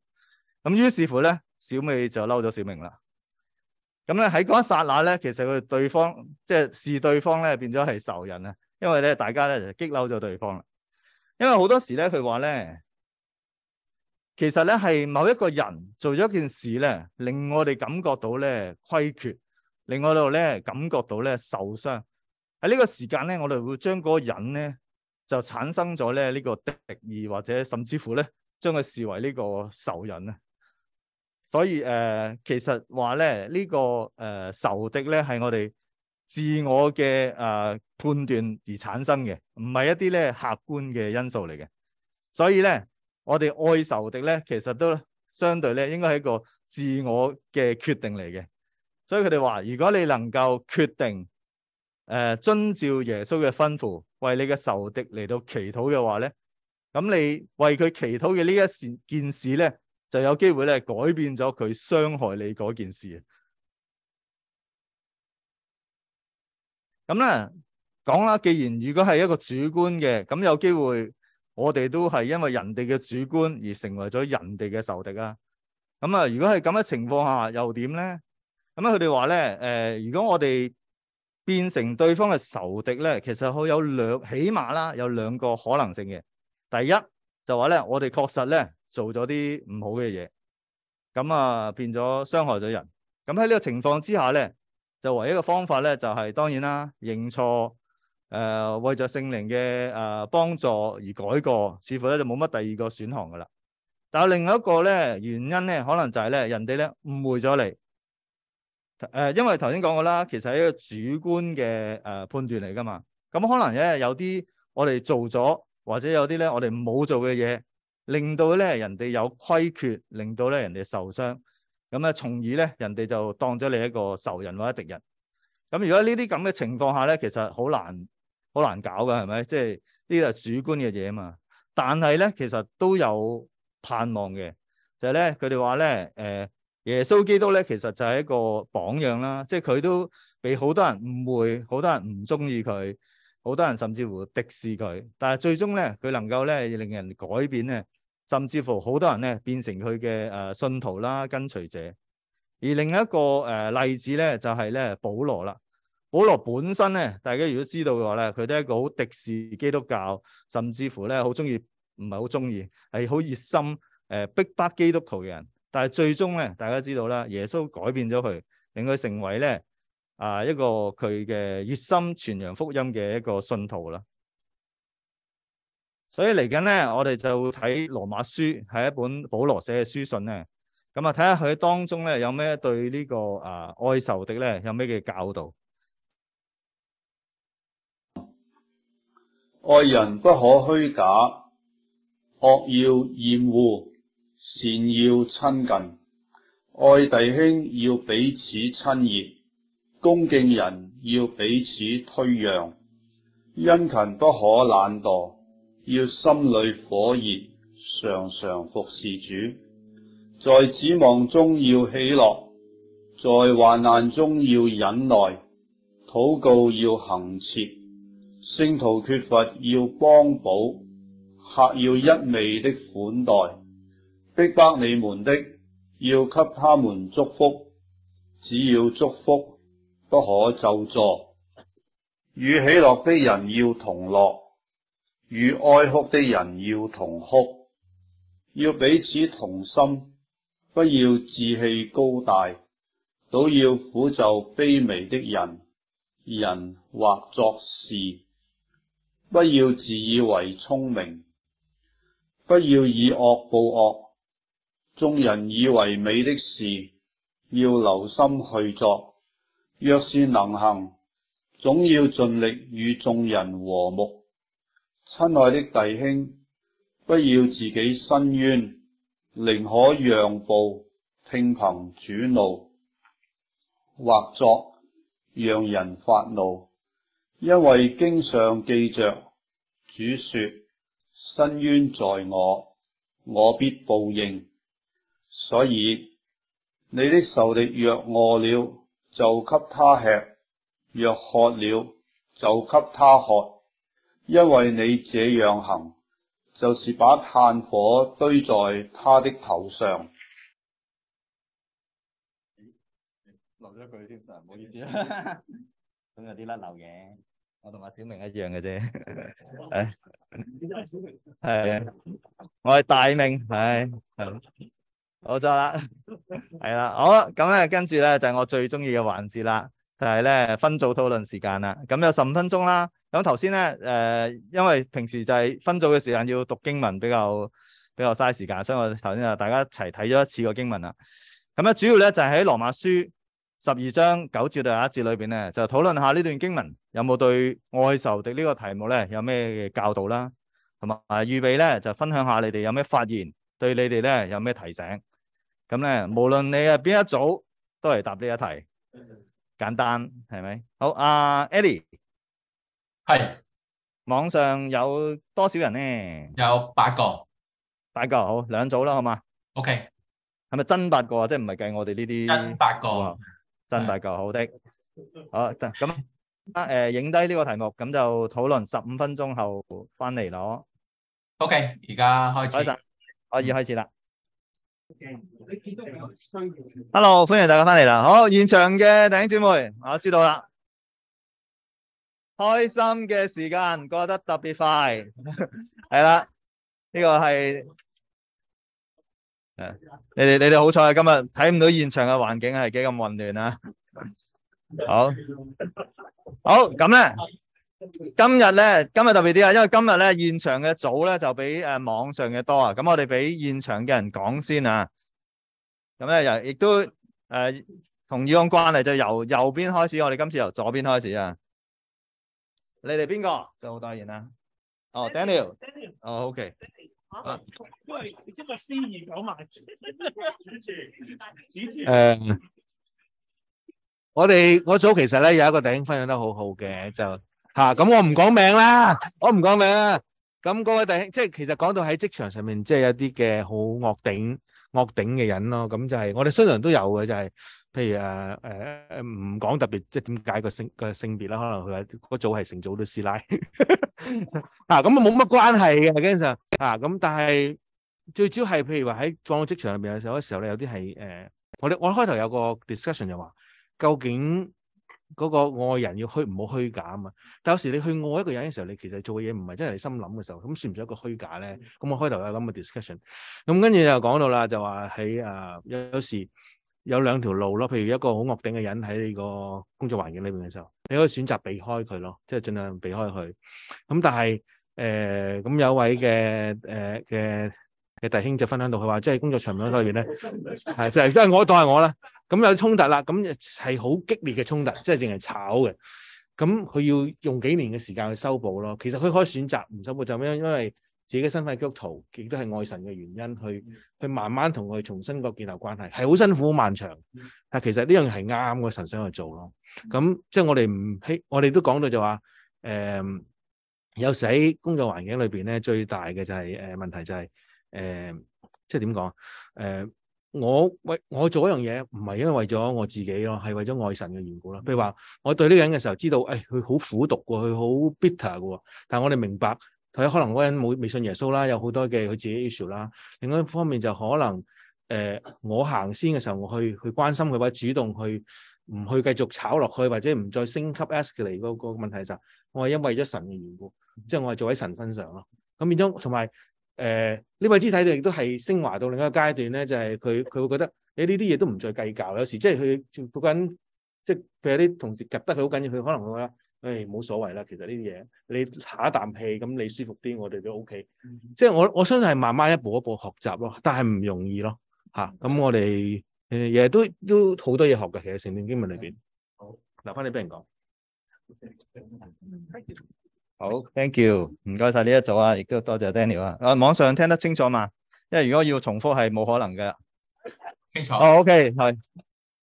咁於是乎咧，小美就嬲咗小明啦。咁咧喺嗰一刹那咧，其實佢對方即係視對方咧變咗係仇人啊！因為咧大家咧就激嬲咗對方啦。因為好多時咧佢話咧，其實咧係某一個人做咗件事咧，令我哋感覺到咧虧缺，令我哋咧感覺到咧受傷。喺呢個時間咧，我哋會將嗰個人咧就產生咗咧呢個敵意，或者甚至乎咧將佢視為呢個仇人啊！所以誒，其實話咧，呢個誒仇敵咧係我哋自我嘅誒判斷而產生嘅，唔係一啲咧客觀嘅因素嚟嘅。所以咧，我哋愛仇敵咧，其實都相對咧，應該係一個自我嘅決定嚟嘅。所以佢哋話，如果你能夠決定誒遵照耶穌嘅吩咐，為你嘅仇敵嚟到祈禱嘅話咧，咁你為佢祈禱嘅呢一件事咧。就有機會咧改變咗佢傷害你嗰件事。咁咧講啦，既然如果係一個主觀嘅，咁有機會我哋都係因為人哋嘅主觀而成為咗人哋嘅仇敵啊。咁啊，如果係咁嘅情況下又點咧？咁啊，佢哋話咧，誒，如果我哋變成對方嘅仇敵咧，其實佢有兩，起碼啦，有兩個可能性嘅。第一就話咧，我哋確實咧。做咗啲唔好嘅嘢，咁啊變咗傷害咗人。咁喺呢個情況之下咧，就唯一嘅方法咧，就係、是、當然啦，認錯，誒、呃、為咗聖靈嘅誒幫助而改過，似乎咧就冇乜第二個選項噶啦。但係另外一個咧原因咧，可能就係咧人哋咧誤會咗你，誒、呃、因為頭先講過啦，其實係一個主觀嘅誒、呃、判斷嚟噶嘛。咁可能咧有啲我哋做咗，或者有啲咧我哋冇做嘅嘢。令到咧人哋有虧缺，令到咧人哋受傷，咁啊，從而咧人哋就當咗你一個仇人或者敵人。咁如果呢啲咁嘅情況下咧，其實好難好難搞噶，係咪？即係呢個係主觀嘅嘢啊嘛。但係咧，其實都有盼望嘅，就係咧佢哋話咧，誒、呃、耶穌基督咧其實就係一個榜樣啦，即係佢都被好多人誤會，好多人唔中意佢，好多人甚至乎敵視佢。但係最終咧，佢能夠咧令人改變咧。甚至乎好多人咧變成佢嘅誒信徒啦、跟隨者。而另一個誒、呃、例子咧，就係、是、咧保羅啦。保羅本身咧，大家如果知道嘅話咧，佢都係一個好敵視基督教，甚至乎咧好中意，唔係好中意，係好熱心誒逼、呃、迫基督徒嘅人。但係最終咧，大家知道啦，耶穌改變咗佢，令佢成為咧啊、呃、一個佢嘅熱心傳揚福音嘅一個信徒啦。所以嚟緊咧，我哋就睇羅馬書係一本保羅寫嘅書信咧。咁啊，睇下佢當中咧有咩對呢個啊愛仇敵咧有咩嘅教導？愛人不可虛假，惡要厭惡，善要親近。愛弟兄要彼此親熱，恭敬人要彼此推讓，殷勤不可懶惰。要心裏火熱，常常服侍主，在指望中要喜樂，在患難中要忍耐，禱告要恆切，聖徒缺乏要幫補，客要一味的款待，逼迫你們的要給他們祝福，只要祝福，不可咒詛，與喜樂的人要同樂。與哀哭的人要同哭，要彼此同心，不要志氣高大，都要俯就卑微的人。人或作事，不要自以為聰明，不要以惡報惡。眾人以為美的事，要留心去做。若是能行，總要盡力與眾人和睦。親愛的弟兄，不要自己伸冤，寧可讓步，聽憑主怒，或作讓人發怒，因為經上記着主說：伸冤在我，我必報應。所以你的仇敵若餓了，就給他吃；若渴了，就給他喝。因為你這樣行，就是把炭火堆在他的頭上。落咗佢添，唔好意思啊，咁有啲甩漏嘢。我同阿小明一樣嘅啫。係啊，我係大明，係好，冇錯啦。係啦，好咁咧，跟住咧就係、是、我最中意嘅環節啦，就係、是、咧分組討論時間啦。咁有十五分鐘啦。咁頭先咧，誒、呃，因為平時就係分組嘅時間要讀經文比較比較嘥時間，所以我頭先就大家一齊睇咗一次個經文啦。咁咧主要咧就喺、是、羅馬書十二章九至廿一節裏邊咧，就討論下呢段經文有冇對愛仇敵呢個題目咧有咩教導啦，同埋、啊、預備咧就分享下你哋有咩發現，對你哋咧有咩提醒。咁咧無論你係邊一組，都嚟答呢一題，簡單係咪？好，阿 Eddie 係網上有多少人咧？有八個，八個好兩組啦，好嘛？OK，係咪真八個啊？即係唔係計我哋呢啲？真八個，真八個，好的。好，得咁啊，誒，影低呢個題目，咁就討論十五分鐘後翻嚟咯。OK，而家開始，開始，可以開始啦。Hello，歡迎大家翻嚟啦。好，現場嘅弟兄姊妹，我知道啦。開心嘅時間過得特別快，係 啦，呢、這個係，誒、 uh,，你哋你哋好彩啊！今日睇唔到現場嘅環境係幾咁混亂啊！ 好， 好咁咧， 今日咧今日特別啲啊，因為今日咧現場嘅組咧就比誒、uh, 網上嘅多啊，咁我哋俾現場嘅人講先啊，咁咧又亦都誒、uh, 同意。往同以往關係就由，由右邊開始，我哋今次由左邊開始啊。你哋邊個就 Daniel 啊？哦，Daniel，哦，OK，因為今日司儀講埋主持，主持誒，我哋我組其實咧有一個弟兄分享得好好嘅就吓，咁我唔講名啦，我唔講名啦，咁嗰個弟兄即係其實講到喺職場上面，即係有一啲嘅好惡頂惡頂嘅人咯，咁就係我哋雖然都有嘅就係。譬如誒誒誒唔講特別，即係點解個性、個性別啦？可能佢話嗰組係成組都師奶 啊，咁啊冇乜關係嘅，經常啊咁。但係最主要係譬如話喺放喺職場入邊有時候咧，有啲係誒，我我開頭有個 discussion 就話，究竟嗰個愛人要虛唔好虛假啊嘛。但有時你去愛一個人嘅時候，你其實做嘅嘢唔係真係你心諗嘅時候，咁算唔算一個虛假咧？咁我開頭有諗嘅 discussion，咁跟住就講到啦，就話喺誒有時。有兩條路咯，譬如一個好惡頂嘅人喺呢個工作環境裏邊嘅時候，你可以選擇避開佢咯，即係盡量避開佢。咁但係誒，咁、呃、有位嘅誒嘅嘅弟兄就分享到，佢話即係工作場面嗰度裏邊咧，係就係因為我當係我啦，咁有衝突啦，咁係好激烈嘅衝突，即係淨係炒嘅。咁佢要用幾年嘅時間去修補咯。其實佢可以選擇唔修補，就咁樣，因為因為。自己身份嘅基督徒，亦都係愛神嘅原因，去去慢慢同佢重新個建立關係，係好辛苦、好漫長。但其實呢樣係啱嘅，神想去做咯。咁即係我哋唔希，我哋都講到就話，誒有時喺工作環境裏邊咧，最大嘅就係誒問題就係誒，即係點講？誒我為我做一樣嘢唔係因為為咗我自己咯，係為咗愛神嘅緣故咯。譬如話，我對呢個人嘅時候知道，誒佢好苦毒嘅，佢好 bitter 嘅，但我哋明白。佢可能嗰人冇未信耶穌啦，有好多嘅佢自己 issue 啦。另外一方面就可能誒、呃，我行先嘅時候，我去去關心佢或者主動去唔去繼續炒落去，或者唔再升級 escalate 嗰個問題就是、我係因為咗神嘅緣故，嗯、即係我係做喺神身上咯。咁變咗同埋誒呢位肢體咧，亦都係升華到另一個階段咧，就係佢佢會覺得你呢啲嘢都唔再計較，有時即係佢嗰個人即係佢有啲同事夾得佢好緊要，佢可能會覺得。誒，冇所謂啦。其實呢啲嘢，你下一啖氣咁，你舒服啲，我哋都 O K。Mm hmm. 即係我我相信係慢慢一步一步學習咯，但係唔容易咯吓。咁、啊、我哋誒，嘢、呃、都都好多嘢學嘅。其實成段經文裏邊，好留翻你俾人講好。Thank you，唔該晒呢一組啊，亦都多謝 Daniel 啊。啊，網上聽得清楚嘛？因為如果要重複係冇可能㗎。清楚。哦，OK 係，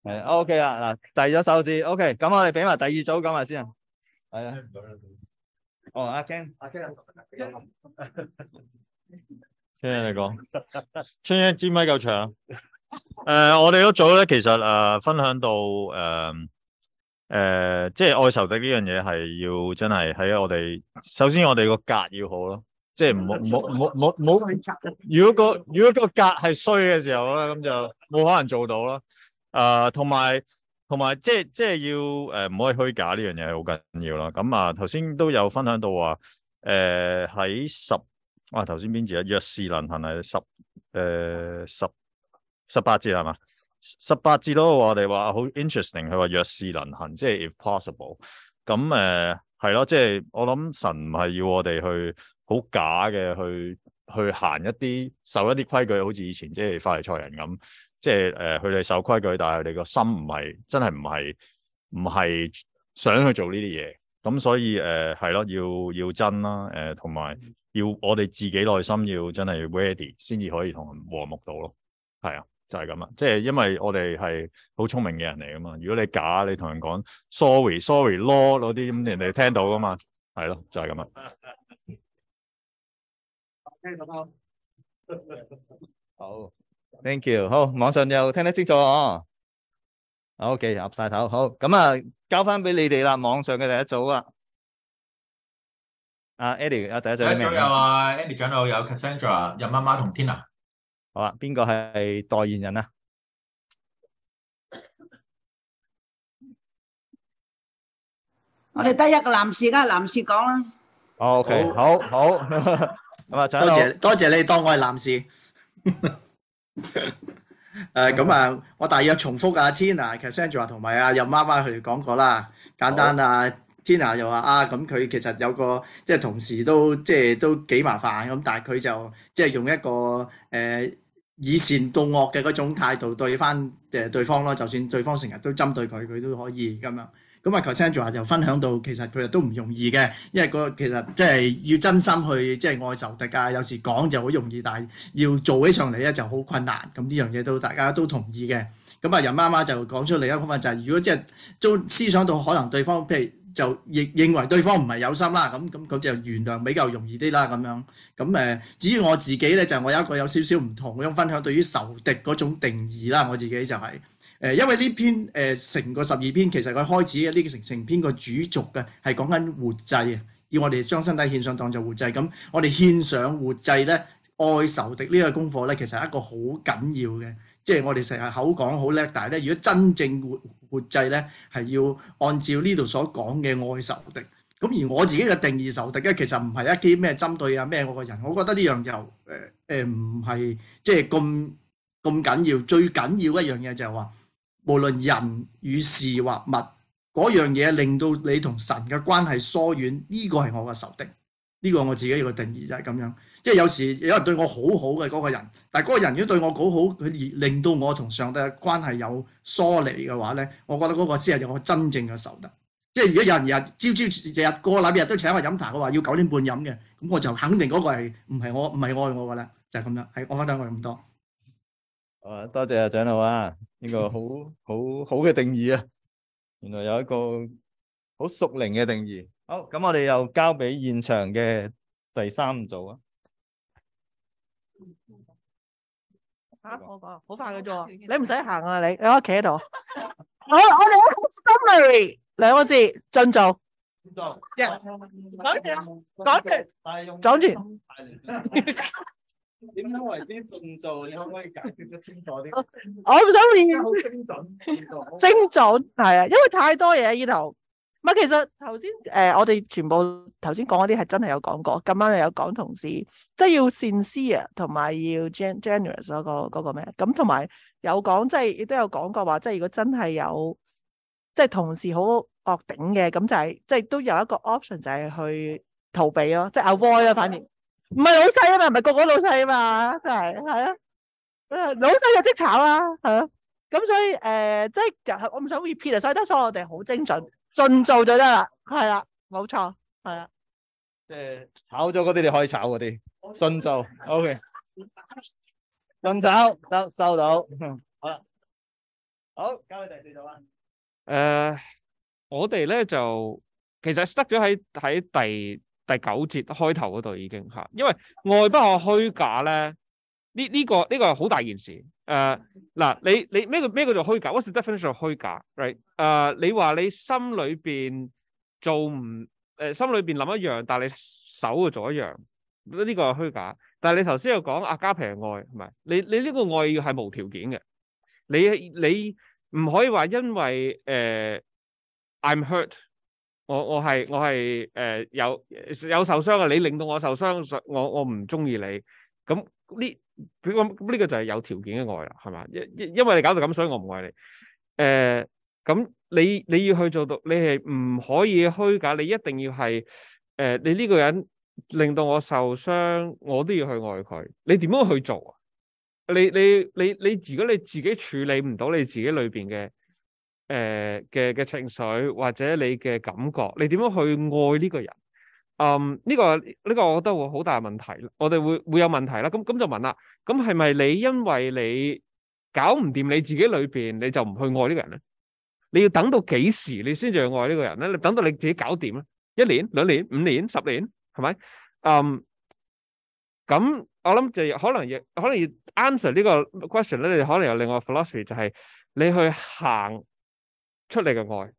誒、啊、OK 啦嗱，遞咗手指 okay, 第二組數字 OK，咁我哋俾埋第二組講埋先啊。係啊！哦，阿晶，阿晶啊，聽你講，聽你尖咪夠長。誒、呃，我哋嗰組咧，其實誒、呃，分享到誒誒、呃呃，即係愛仇敵呢樣嘢，係要真係喺我哋。首先，我哋個格要好咯，即係唔好唔好唔好唔好。如果個如果個格係衰嘅時候咧，咁就冇可能做到咯。誒、呃，同埋。同埋即係即係要誒唔、呃、可以虛假呢樣嘢係好緊要啦。咁啊頭先都有分享到話誒喺十哇頭先邊字啊若是能行係十誒、呃、十十八字係嘛十八字咯。我哋話好 interesting 佢話若是能行即係 if possible。咁誒係咯，即係我諗神唔係要我哋去好假嘅去去行一啲守一啲規矩，好似以前即係法利賽人咁。即係誒，佢哋守規矩，但係佢哋個心唔係真係唔係唔係想去做呢啲嘢，咁所以誒係咯，要要真啦，誒同埋要我哋自己內心要真係 ready 先至可以同和睦到咯，係啊，就係咁啦，即係因為我哋係好聰明嘅人嚟噶嘛，如果你假你同人講 sorry sorry law 嗰啲，咁人哋聽到噶嘛，係咯，就係咁啦。 好。Thank you，好，網上又聽得清楚哦。好，OK，合晒頭，好，咁啊，交翻俾你哋啦。網上嘅第一組啊，阿 Eddie 啊，第一組第一組有啊，Eddie 長老有 Cassandra、有媽媽同 Tina。好啊，邊個係代言人啊？我哋得一個男士，梗係男士講啦。OK，好好。咁啊，多謝多謝你當我係男士。誒，咁、 呃、啊，我大約重複下、啊、Tina 其實 send 同埋阿任媽媽佢哋講過啦，簡單的啊。t i n a 又話啊，咁佢其實有個即係同事都即係都幾麻煩咁，但係佢就即係用一個誒、呃、以善導惡嘅嗰種態度對翻誒、呃、對方咯，就算對方成日都針對佢，佢都可以咁樣。咁、嗯、啊，求生者就分享到，其實佢哋都唔容易嘅，因為個其實即係要真心去即係愛仇敵啊。有時講就好容易，但係要做起上嚟咧就好困難。咁呢樣嘢都大家都同意嘅。咁、嗯、啊，任媽媽就講出另一個方法就係，如果即係都思想到可能對方譬如就認認為對方唔係有心啦，咁咁佢就原諒比較容易啲啦。咁樣咁誒、嗯，至於我自己咧，就我有一個有少少唔同嗰種分享，對於仇敵嗰種定義啦，我自己就係。誒，因為呢篇誒成個十二篇，其實佢開始嘅呢個成成篇個主軸嘅係講緊活祭啊，要我哋將身體獻上當作活祭咁。我哋獻上活祭咧，愛仇敵呢個功課咧，其實係一個好緊要嘅，即係我哋成日口講好叻，但係咧如果真正活活祭咧，係要按照呢度所講嘅愛仇敵。咁而我自己嘅定義仇敵咧，其實唔係一啲咩針對啊咩我個人，我覺得呢樣就誒誒唔係即係咁咁緊要。最緊要一樣嘢就係話。無論人與事或物，嗰樣嘢令到你同神嘅關係疏遠，呢、這個係我嘅仇敵。呢、這個我自己一個定義就係、是、咁樣。即係有時有人對我好好嘅嗰、那個人，但係嗰個人如果對我好好，佢令到我同上帝嘅關係有疏離嘅話咧，我覺得嗰個先係我真正嘅仇敵。即係如果有人日朝朝日日個禮日都請我飲茶，嘅話要九點半飲嘅，咁我就肯定嗰個係唔係我唔係愛我嘅啦，就係、是、咁樣。係我覺得我唔多。啊！多謝阿長老啊，呢個好好好嘅定義啊，原來有一個好熟齡嘅定義。好，咁我哋又交俾現場嘅第三組啊。啊，我講，好快嘅啫喎，你唔使行啊，你你可以企喺度。我我哋好 summary，兩個字，盡做，做，一，講住，講住，講住。點樣，為之盡做，你可唔可以解釋得清楚啲？我唔想變好精準， 精準係啊，因為太多嘢依度。唔係，其實頭先誒，我哋全部頭先講嗰啲係真係有講過。咁啱又有講同事，即係要善思啊，同埋要 generous 嗰個嗰個咩？咁同埋有講，即係亦都有講過話，即係如果真係有，即係同事好惡頂嘅，咁就係即係都有一個 option，就係去逃避咯，即係 avoid 咯，反而。唔係老細啊嘛唔係個個老細啊嘛，真係係啊，老細就即炒啦，係咯，咁所以誒、呃，即係我唔想 repeat 啊，所以得所以我哋好精準，盡做就得啦，係啦，冇錯，係啦，即係炒咗嗰啲，你可以炒嗰啲，盡做 ，OK，盡走，得收，收到，好啦，好交俾第四組啊，誒、uh,，我哋咧就其實 stuck 咗喺喺第。第九節開頭嗰度已經嚇，因為愛不可虛假咧，呢呢、這個呢、這個係好大件事。誒、呃、嗱，你你咩叫咩叫做虛假？What's the definition of 虛假，right？誒、呃、你話你心裏邊做唔誒、呃、心裏邊諗一樣，但係你手就做一樣，呢、這個係虛假。但係你頭先又講阿加平愛係咪？你你呢個愛要係無條件嘅，你你唔可以話因為誒、呃、I'm hurt。我我係我係誒、呃、有有受傷啊！你令到我受傷，我我唔中意你。咁呢？咁咁呢個就係有條件嘅愛啦，係嘛？因因因為你搞到咁，所以我唔愛你。誒、呃，咁你你要去做到，你係唔可以虛假，你一定要係誒、呃，你呢個人令到我受傷，我都要去愛佢。你點樣去做啊？你你你你，如果你自己處理唔到你自己裏邊嘅。誒嘅嘅情緒或者你嘅感覺，你點樣去愛呢個人？嗯，呢、呢個呢、呢個我覺得會好大問題，我哋會會有問題啦。咁、嗯、咁就問啦，咁係咪你因為你搞唔掂你自己裏邊，你就唔去愛呢個人咧？你要等到幾時你先至去愛呢個人咧？你等到你自己搞掂啦，一年、兩年、五年、十年，係咪？嗯，咁我諗就可能要可能要 answer 呢個 question 咧，你可能有另外嘅 philosophy，就係、是、你去行。出嚟嘅愛，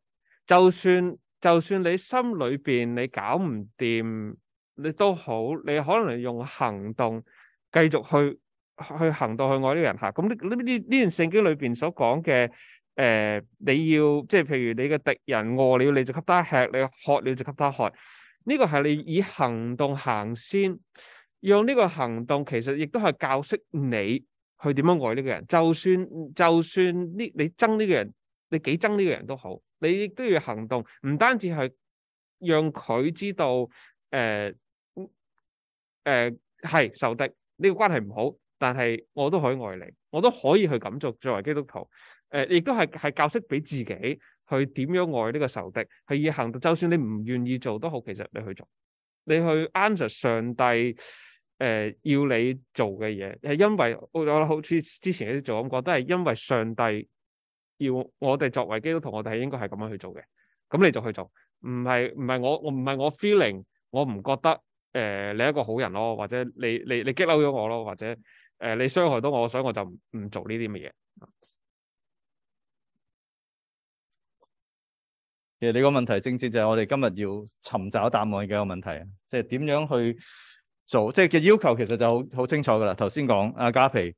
就算就算你心裏邊你搞唔掂，你都好，你可能用行動繼續去去行動去愛呢個人吓。咁呢呢呢呢段聖經裏邊所講嘅，誒你要即係譬如你嘅敵人餓了，你就給他吃；你渴了就給他喝。呢個係你以行動行先，用呢個行動其實亦都係教識你去點樣愛呢個人。就算就算呢你憎呢個人。你幾憎呢個人都好，你亦都要行動，唔單止係讓佢知道，誒誒係仇敵，呢、這個關係唔好，但係我都可以愛你，我都可以去咁做，作為基督徒，誒、呃、亦都係係教識俾自己去點樣愛呢個仇敵，去以行動，就算你唔願意做都好，其實你去做，你去 answer 上帝誒、呃、要你做嘅嘢，係因為我，我好似之前啲做咁講，都係因為上帝。要我哋作為基督徒，我哋應該係咁樣去做嘅。咁你就去做，唔係唔係我我唔係我 feeling，我唔覺得誒、呃、你係一個好人咯，或者你你你激嬲咗我咯，或者誒、呃、你傷害到我，所以我就唔做呢啲乜嘢。其實你個問題正正就係我哋今日要尋找答案嘅一個問題啊，即係點樣去做？即係嘅要求其實就好好清楚噶啦。頭先講阿加皮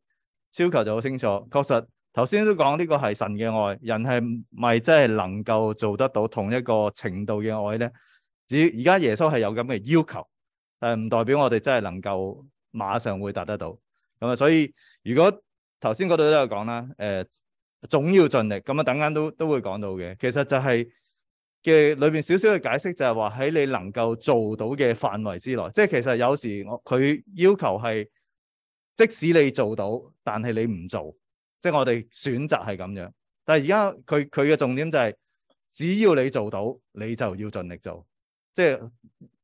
要求就好清楚，確實。頭先都講呢、這個係神嘅愛，人係咪真係能夠做得到同一個程度嘅愛咧？只而家耶穌係有咁嘅要求，誒，但係唔代表我哋真係能夠馬上會達得到咁啊。所以如果頭先嗰度都有講啦，誒、呃，總要盡力咁啊，等間都都會講到嘅。其實就係、是、嘅裏邊少少嘅解釋就係話喺你能夠做到嘅範圍之內，即係其實有時我佢要求係即使你做到，但係你唔做。即係我哋選擇係咁樣，但係而家佢佢嘅重點就係、是、只要你做到，你就要盡力做。即係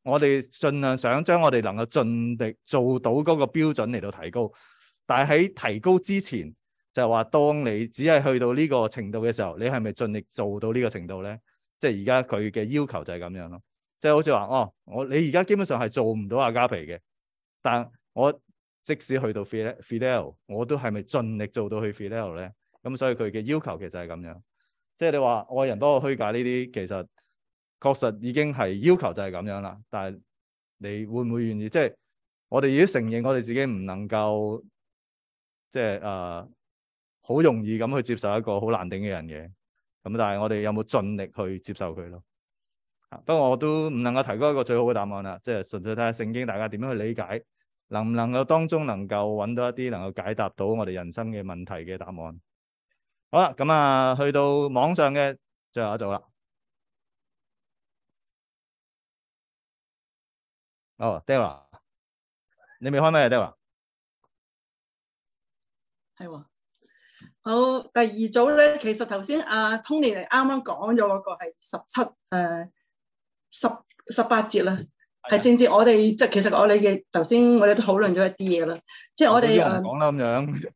我哋儘量想將我哋能夠盡力做到嗰個標準嚟到提高，但係喺提高之前就係話，當你只係去到呢個程度嘅時候，你係咪盡力做到呢個程度咧？即係而家佢嘅要求就係咁樣咯。即係好似話哦，我你而家基本上係做唔到阿嘉皮嘅，但我。即使去到 fidel，我都係咪盡力做到去 fidel 咧？咁所以佢嘅要求其實係咁樣，即係你話愛人幫我虛假呢啲，其實確實已經係要求就係咁樣啦。但係你會唔會願意？即係我哋已經承認我哋自己唔能夠，即係誒，好、呃、容易咁去接受一個好難頂嘅人嘅。咁但係我哋有冇盡力去接受佢咯？不過我都唔能夠提供一個最好嘅答案啦。即係純粹睇下聖經，大家點樣去理解。能唔能夠當中能夠揾到一啲能夠解答到我哋人生嘅問題嘅答案？好啦，咁啊，去到網上嘅最後一組啦。哦、oh, Deborah 你未開咩啊？Deborah 係喎。好，第二組咧，其實頭先阿 Tony 嚟啱啱講咗嗰個係十七誒、呃、十十八節啦。係正直，我哋即係其實我哋嘅頭先，我哋都討論咗一啲嘢啦。即係我哋唔講啦，咁樣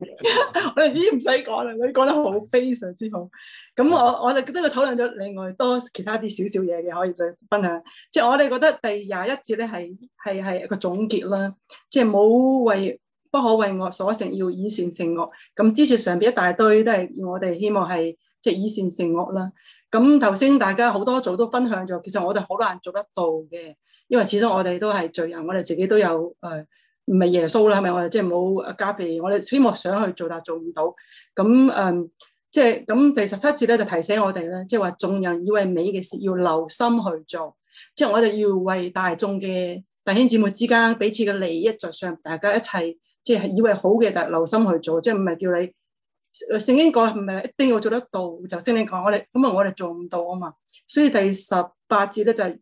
我哋已經唔使講啦，我哋講得好非常之好。咁我我哋覺得佢討論咗另外多其他啲少少嘢嘅可以再分享。即係我哋覺得第廿一節咧係係係一個總結啦。即係冇為不可為惡所成，要以善成惡。咁之前上邊一大堆都係我哋希望係即係以善成惡啦。咁頭先大家好多組都分享咗，其實我哋好難做得到嘅。因為始終我哋都係罪人，我哋自己都有誒，唔係耶穌啦，係咪？我哋即係冇加庇，我哋希望想去做，但做唔到。咁誒，即係咁第十七節咧，就提醒我哋咧，即係話眾人以為美嘅事，要留心去做。即係我哋要為大眾嘅弟兄姊妹之間彼此嘅利益着想，大家一齊即係以為好嘅，但留心去做。即係唔係叫你聖經講唔係一定要做得到，就先你講我哋咁啊，我哋做唔到啊嘛。所以第十八節咧就係。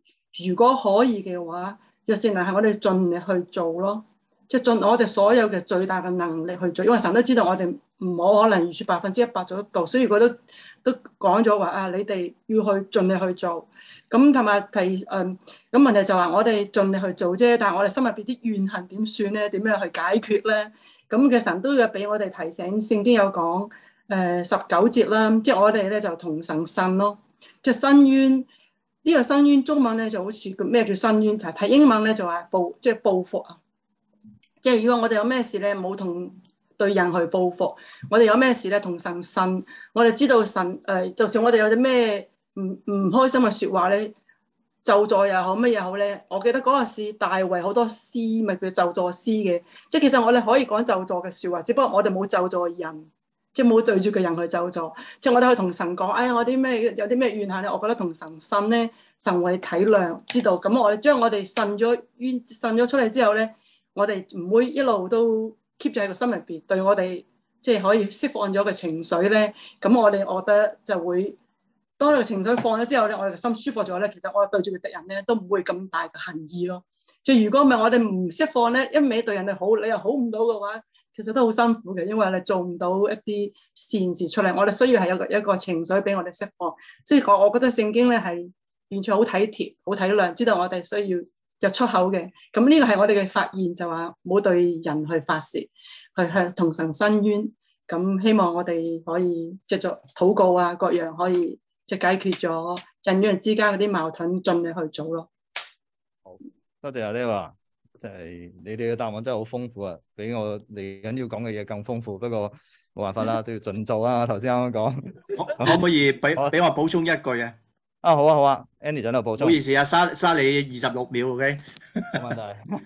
如果可以嘅話，要善能係我哋盡力去做咯，即係盡我哋所有嘅最大嘅能力去做。因為神都知道我哋唔好可能完全百分之一百做到，所以佢都都講咗話啊，你哋要去盡力去做。咁同埋提嗯咁、呃、問題就話我哋盡力去做啫，但係我哋心入邊啲怨恨點算咧？點樣去解決咧？咁其實神都要俾我哋提醒，聖經有講誒十九節啦，即係我哋咧就同神呻咯，即係伸冤。呢個申冤中文咧就好似叫咩，叫申冤，睇睇英文咧就話報，即係，就是，報復啊。即係如果我哋有咩事咧，冇同對人去報復，我哋有咩事咧同神呻。我哋知道神誒，呃，就算我哋有啲咩唔唔開心嘅説話咧，咒詛又好乜嘢好咧，我記得嗰個時大衛好多詩，咪叫咒詛詩嘅，即係其實我哋可以講咒詛嘅説話，只不過我哋冇咒詛人。即係冇對住個人去走咗，即係我哋可以同神講：，哎呀，我啲咩有啲咩怨恨咧？我覺得同神呻咧，神會體諒知道。咁我哋將我哋呻咗冤呻咗出嚟之後咧，我哋唔會一路都 keep 住喺個心入邊，對我哋即係可以釋放咗個情緒咧。咁我哋我覺得就會當你個情緒放咗之後咧，我哋心舒服咗咧，其實我哋對住個敵人咧都唔會咁大嘅恨意咯。即係如果唔係我哋唔釋放咧，一味對人哋好，你又好唔到嘅話。其實都好辛苦嘅，因為我哋做唔到一啲善事出嚟，我哋需要係一個一個情緒俾我哋釋放，即係我我覺得聖經咧係完全好體貼、好體諒，知道我哋需要有出口嘅。咁呢個係我哋嘅發現，就話冇對人去發洩，去向同神申冤。咁希望我哋可以藉助禱告啊，各樣可以即係解決咗人與人之間嗰啲矛盾，盡力去做咯。好，多謝阿爹。就係、是、你哋嘅答案真係好豐富啊，比我嚟緊要講嘅嘢更豐富。不過冇辦法啦，都要盡做啦、啊。頭先啱啱講， 可唔可以俾俾 我補充一句嘅？啊好啊好啊，Andy 喺度補充，唔好意思啊，殺殺你二十六秒，OK？冇 問題。誒、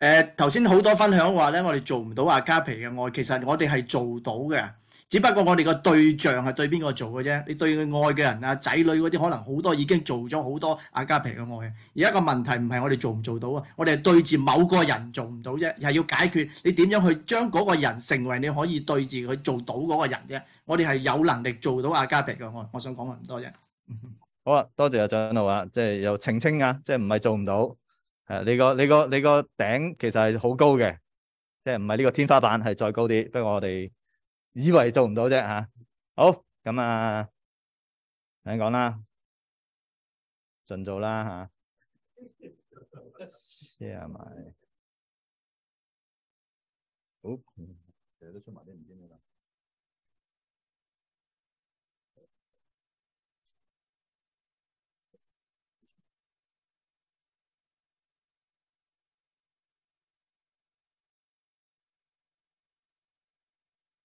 呃，頭先好多分享話咧，我哋做唔到阿加皮嘅愛，其實我哋係做到嘅。只不過我哋個對象係對邊個做嘅啫，你對佢愛嘅人啊、仔女嗰啲，可能好多已經做咗好多阿加皮嘅愛。而家個問題唔係我哋做唔做到啊，我哋係對住某個人做唔到啫，而係要解決你點樣去將嗰個人成為你可以對住佢做到嗰個人啫。我哋係有能力做到阿加皮嘅愛。我想講咁多啫。好啊，多謝阿張老啊，即係又澄清啊，即係唔係做唔到。係、啊、你個你個你個頂其實係好高嘅，即係唔係呢個天花板係再高啲，不過我哋。以為做唔到啫嚇，好咁啊，你講啦，盡做啦嚇。係啊咪，好，成日都出埋啲唔見嘅啦。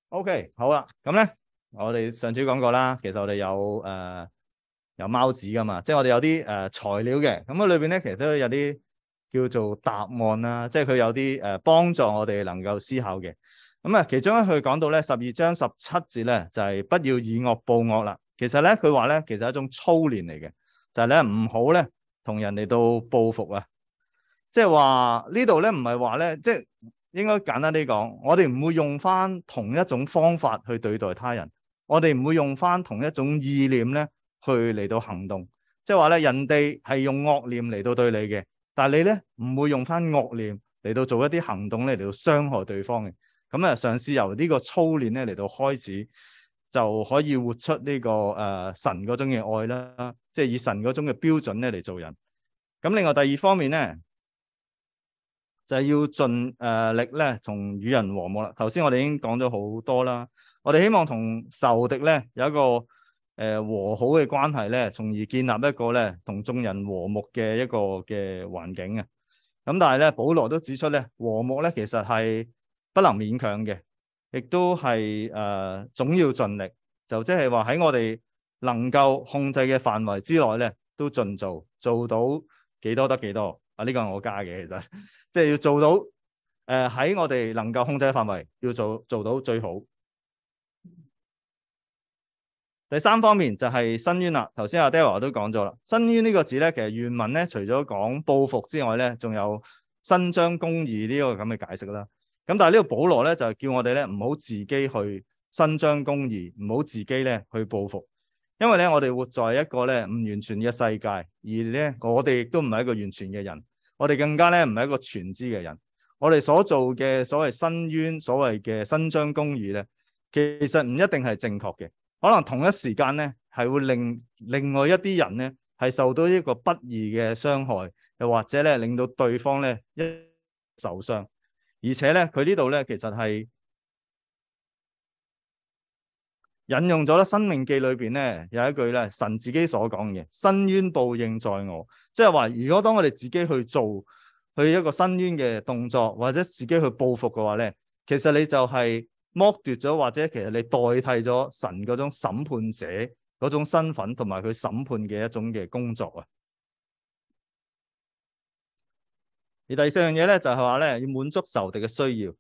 O、okay, K，好啦，咁咧，我哋上次講過啦，其實我哋有誒、呃、有貓紙噶嘛，即係我哋有啲誒、呃、材料嘅，咁啊裏邊咧其實都有啲叫做答案啦、啊，即係佢有啲誒幫助我哋能夠思考嘅，咁啊其中咧佢講到咧十二章十七節咧就係、是、不要以惡報惡啦，其實咧佢話咧其實係一種操練嚟嘅，就係咧唔好咧同人哋到報復啊，即係話呢度咧唔係話咧即係。應該簡單啲講，我哋唔會用翻同一種方法去對待他人，我哋唔會用翻同一種意念咧去嚟到行動。即係話咧，人哋係用惡念嚟到對你嘅，但係你咧唔會用翻惡念嚟到做一啲行動咧嚟到傷害對方嘅。咁啊，嘗試由呢個操練咧嚟到開始，就可以活出呢個、呃、神嗰種嘅愛啦。即係以神嗰種嘅標準咧嚟做人。咁另外第二方面咧。就係要盡誒力咧，同與人和睦啦。頭先我哋已經講咗好多啦，我哋希望同仇敵咧有一個誒、呃、和好嘅關係咧，從而建立一個咧同眾人和睦嘅一個嘅環境啊。咁、嗯、但係咧，保羅都指出咧，和睦咧其實係不能勉強嘅，亦都係誒、呃、總要盡力，就即係話喺我哋能夠控制嘅範圍之內咧，都盡做做到幾多得幾多。啊，呢、這個係我家嘅，其實即係要做到誒，喺、呃、我哋能夠控制嘅範圍，要做做到最好。第三方面就係伸冤啦。頭先阿 Del 都講咗啦，伸冤呢個字咧，其實原文咧除咗講報復之外咧，仲有伸張公義呢個咁嘅解釋啦。咁但係呢個保羅咧就叫我哋咧唔好自己去伸張公義，唔好自己咧去報復。因為咧，我哋活在一個咧唔完全嘅世界，而咧我哋亦都唔係一個完全嘅人，我哋更加咧唔係一個全知嘅人。我哋所做嘅所謂伸冤，所謂嘅伸張公義咧，其實唔一定係正確嘅。可能同一時間咧，係會令另外一啲人咧係受到一個不義嘅傷害，又或者咧令到對方咧一受傷，而且咧佢呢度咧其實係。引用咗咧《申命記》裏邊咧有一句咧神自己所講嘅，伸冤報應在我。即係話如果當我哋自己去做去一個伸冤嘅動作，或者自己去報復嘅話咧，其實你就係剝奪咗，或者其實你代替咗神嗰種審判者嗰種身份同埋佢審判嘅一種嘅工作啊。而第四樣嘢咧就係話咧要滿足仇敵嘅需要。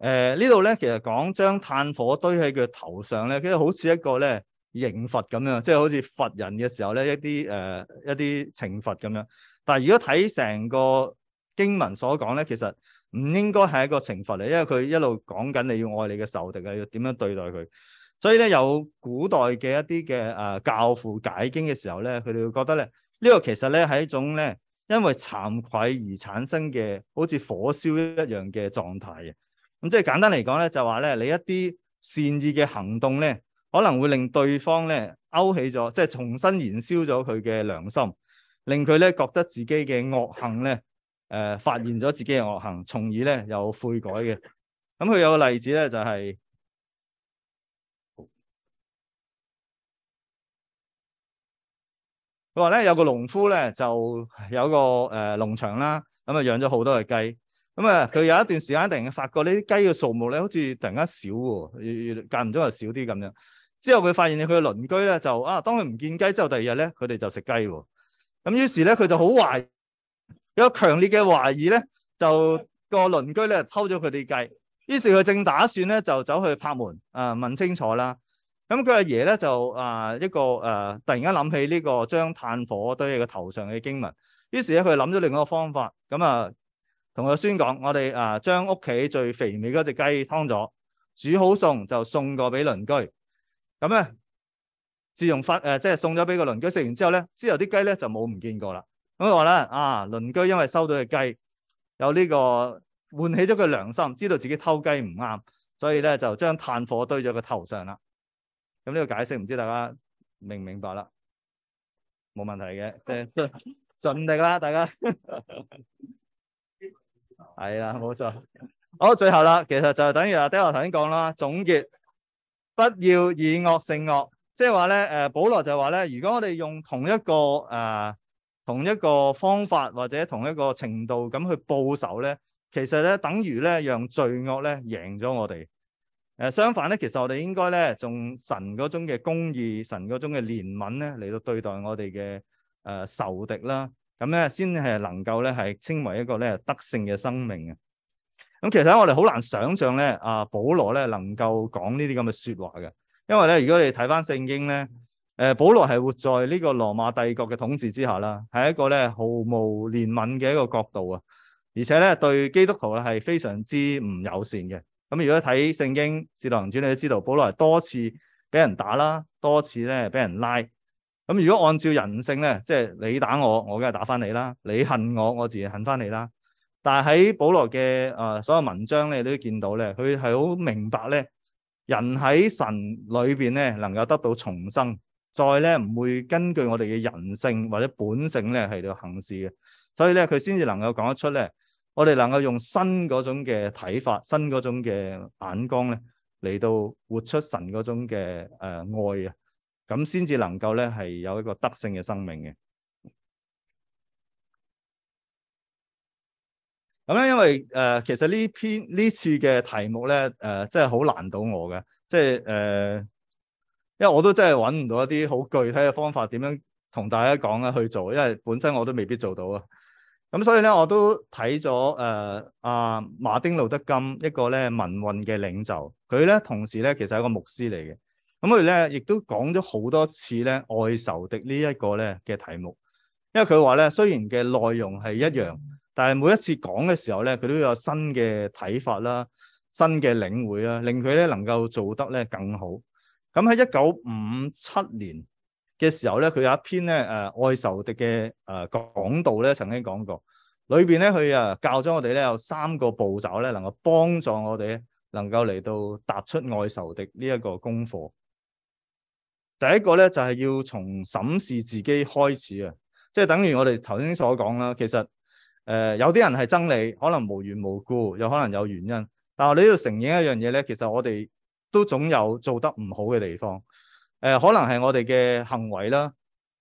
誒、呃、呢度咧，其實講將炭火堆喺佢頭上咧，其實好似一個咧刑罰咁樣，即係好似罰人嘅時候咧，一啲誒、呃、一啲懲罰咁樣。但係如果睇成個經文所講咧，其實唔應該係一個懲罰嚟，因為佢一路講緊你要愛你嘅仇敵啊，要點樣對待佢。所以咧，有古代嘅一啲嘅誒教父解經嘅時候咧，佢哋會覺得咧，呢個其實咧係一種咧因為慚愧而產生嘅，好似火燒一樣嘅狀態嘅。咁即係簡單嚟講咧，就話、是、咧，你一啲善意嘅行動咧，可能會令對方咧勾起咗，即係重新燃燒咗佢嘅良心，令佢咧覺得自己嘅惡行咧，誒、呃、發現咗自己嘅惡行，從而咧有悔改嘅。咁佢有個例子咧、就是，就係，佢話咧有個農夫咧，就有一個誒農場啦，咁啊養咗好多嘅雞。咁啊，佢有一段時間突然發覺呢啲雞嘅數目咧，好似突然間少喎，間唔中又少啲咁樣。之後佢發現佢嘅鄰居咧就啊，當佢唔見雞之後，第二日咧佢哋就食雞喎。咁、嗯、於是咧佢就好懷疑有強烈嘅懷疑咧，就個鄰居咧偷咗佢啲雞。於是佢正打算咧就走去拍門啊問清楚啦。咁佢阿爺咧就啊一個誒、啊，突然間諗起呢、呢個將炭火堆喺個頭上嘅經文。於是咧佢諗咗另外一個方法。咁啊～同阿孫講，我哋啊將屋企最肥美嗰隻雞劏咗，煮好餸就送過俾鄰居。咁咧，自從發誒、呃、即係送咗俾個鄰居食完之後咧，之後啲雞咧就冇唔見過啦。咁佢話咧啊，鄰居因為收到隻雞有呢個喚起咗佢良心，知道自己偷雞唔啱，所以咧就將炭火堆咗個頭上啦。咁呢個解釋唔知大家明唔明白啦？冇問題嘅，即係盡力啦，大家。係啦，冇錯。好、哦，最後啦，其實就等於阿德華頭先講啦，總結，不要以惡勝惡，即係話咧，誒、呃，保羅就話咧，如果我哋用同一個誒、呃、同一個方法或者同一個程度咁去報仇咧，其實咧等於咧讓罪惡咧贏咗我哋。誒、呃，相反咧，其實我哋應該咧用神嗰種嘅公義、神嗰種嘅憐憫咧嚟到對待我哋嘅誒仇敵啦。咁咧，先係能夠咧，係稱為一個咧得勝嘅生命啊！咁其實我哋好難想像咧，阿保羅咧能夠講呢啲咁嘅説話嘅，因為咧，如果你睇翻聖經咧，誒，保羅係活在呢個羅馬帝國嘅統治之下啦，係一個咧毫無憐憫嘅一個角度啊，而且咧對基督徒咧係非常之唔友善嘅。咁如果睇聖經《使徒行傳》，你都知道保羅係多次俾人打啦，多次咧俾人拉。咁如果按照人性咧，即係你打我，我梗係打翻你啦；你恨我，我自然恨翻你啦。但係喺保羅嘅啊所有文章咧，你都見到咧，佢係好明白咧，人喺神裏邊咧，能夠得到重生，再咧唔會根據我哋嘅人性或者本性咧，嚟到行事嘅。所以咧，佢先至能夠講得出咧，我哋能夠用新嗰種嘅睇法、新嗰種嘅眼光咧，嚟到活出神嗰種嘅誒愛啊！咁先至能夠咧係有一個德性嘅生命嘅。咁咧，因為誒、呃，其實呢篇呢次嘅題目咧，誒、呃，真係好難到我嘅。即係誒，因為我都真係揾唔到一啲好具體嘅方法，點樣同大家講咧去做。因為本身我都未必做到啊。咁所以咧，我都睇咗誒阿馬丁路德金一個咧民運嘅領袖，佢咧同時咧其實係個牧師嚟嘅。咁佢咧亦都講咗好多次咧，愛仇敵呢一個咧嘅題目，因為佢話咧，雖然嘅內容係一樣，但係每一次講嘅時候咧，佢都有新嘅睇法啦、新嘅領會啦，令佢咧能夠做得咧更好。咁喺一九五七年嘅時候咧，佢有一篇咧誒愛仇敵嘅誒講道咧，曾經講過，裏邊咧佢啊教咗我哋咧有三個步驟咧，能夠幫助我哋能夠嚟到踏出愛仇敵呢一個功課。第一個咧就係、是、要從審視自己開始啊，即係等於我哋頭先所講啦。其實誒、呃，有啲人係憎你，可能無緣無故，有可能有原因。但係你要承認一樣嘢咧，其實我哋都總有做得唔好嘅地方。誒、呃，可能係我哋嘅行為啦，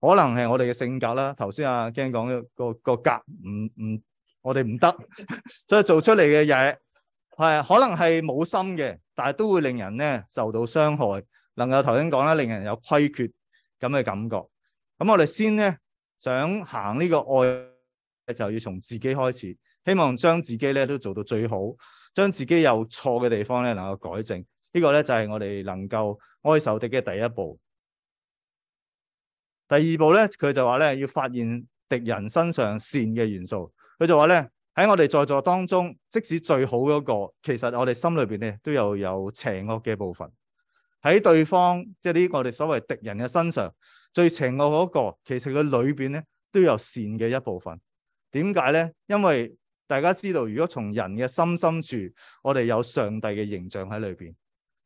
可能係我哋嘅性格啦。頭先阿 Ken 講個個格唔唔，我哋唔得， 所以做出嚟嘅嘢係可能係冇心嘅，但係都會令人咧受到傷害。能夠頭先講啦，令人有虧缺咁嘅感覺。咁我哋先咧想行呢個愛，就要從自己開始。希望將自己咧都做到最好，將自己有錯嘅地方咧能夠改正。這個、呢個咧就係、是、我哋能夠愛仇敵嘅第一步。第二步咧，佢就話咧要發現敵人身上善嘅元素。佢就話咧喺我哋在座當中，即使最好嗰個，其實我哋心裏邊咧都有有邪惡嘅部分。喺對方即係呢，就是，我哋所謂敵人嘅身上最邪惡嗰，那個，其實佢裏邊咧都有善嘅一部分。點解咧？因為大家知道，如果從人嘅心深，深處，我哋有上帝嘅形象喺裏邊。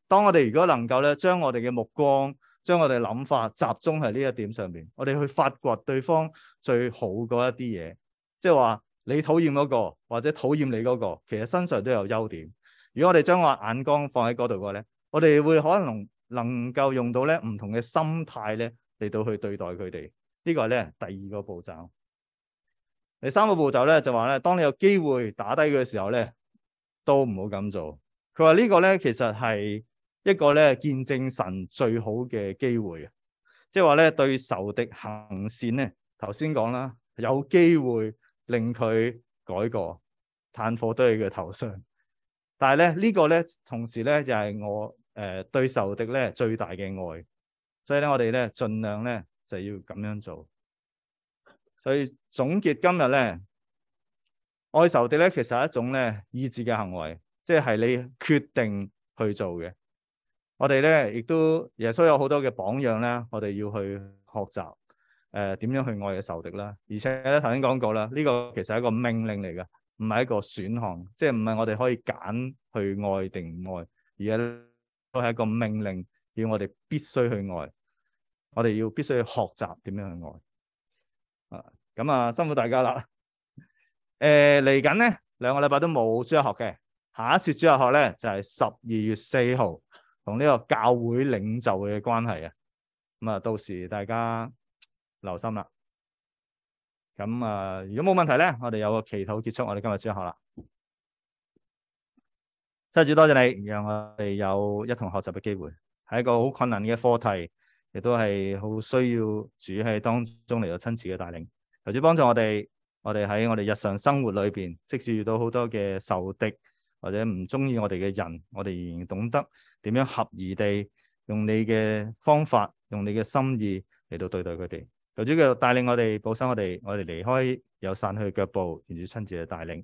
當我哋如果能夠咧，將我哋嘅目光，將我哋諗法集中喺呢一點上面，我哋去發掘對方最好嗰一啲嘢。即係話你討厭嗰個，或者討厭你嗰，那個，其實身上都有優點。如果我哋將我眼光放喺嗰度嘅話咧。我哋會可能能能夠用到咧唔同嘅心態咧嚟到去對待佢哋，呢個、呢個係咧第二個步驟。第三個步驟咧就話咧，當你有機會打低佢嘅時候咧，都唔好咁做。佢話呢個咧其實係一個咧見證神最好嘅機會，即係話咧對仇敵行善咧，頭先講啦，有機會令佢改過，炭火堆佢嘅頭上。但係咧呢、呢個咧同時咧就係我。誒、呃，對仇敵咧最大嘅愛，所以咧我哋咧盡量咧就要咁樣做。所以總結今日咧，愛仇敵咧其實係一種咧意志嘅行為，即係係你決定去做嘅。我哋咧亦都耶穌有好多嘅榜樣咧，我哋要去學習誒點、呃、樣去愛嘅仇敵啦。而且咧頭先講過啦，呢、這個其實係一個命令嚟嘅，唔係一個選項，即係唔係我哋可以揀去愛定唔愛，而係。都係一個命令，要我哋必須去愛，我哋要必須去學習點樣去愛。啊，咁啊辛苦大家啦。誒，嚟緊咧兩個禮拜都冇主日學嘅，下一次主日學咧就係十二月四號，同呢個教會領袖嘅關係啊。咁啊，到時大家留心啦。咁啊，如果冇問題咧，我哋有個祈禱結束，我哋今日主日學啦。多謝，謝你，讓我哋有一同學習嘅機會，係一個好困難嘅課題，亦都係好需要主喺當中嚟到親自嘅帶領。求主幫助我哋，我哋喺我哋日常生活裏邊，即使遇到好多嘅仇敵或者唔鍾意我哋嘅人，我哋仍然懂得點樣合宜地用你嘅方法，用你嘅心意嚟到對待佢哋。求主繼續帶領我哋，保守我哋，我哋離開有散去嘅腳步，沿主親自嘅帶領。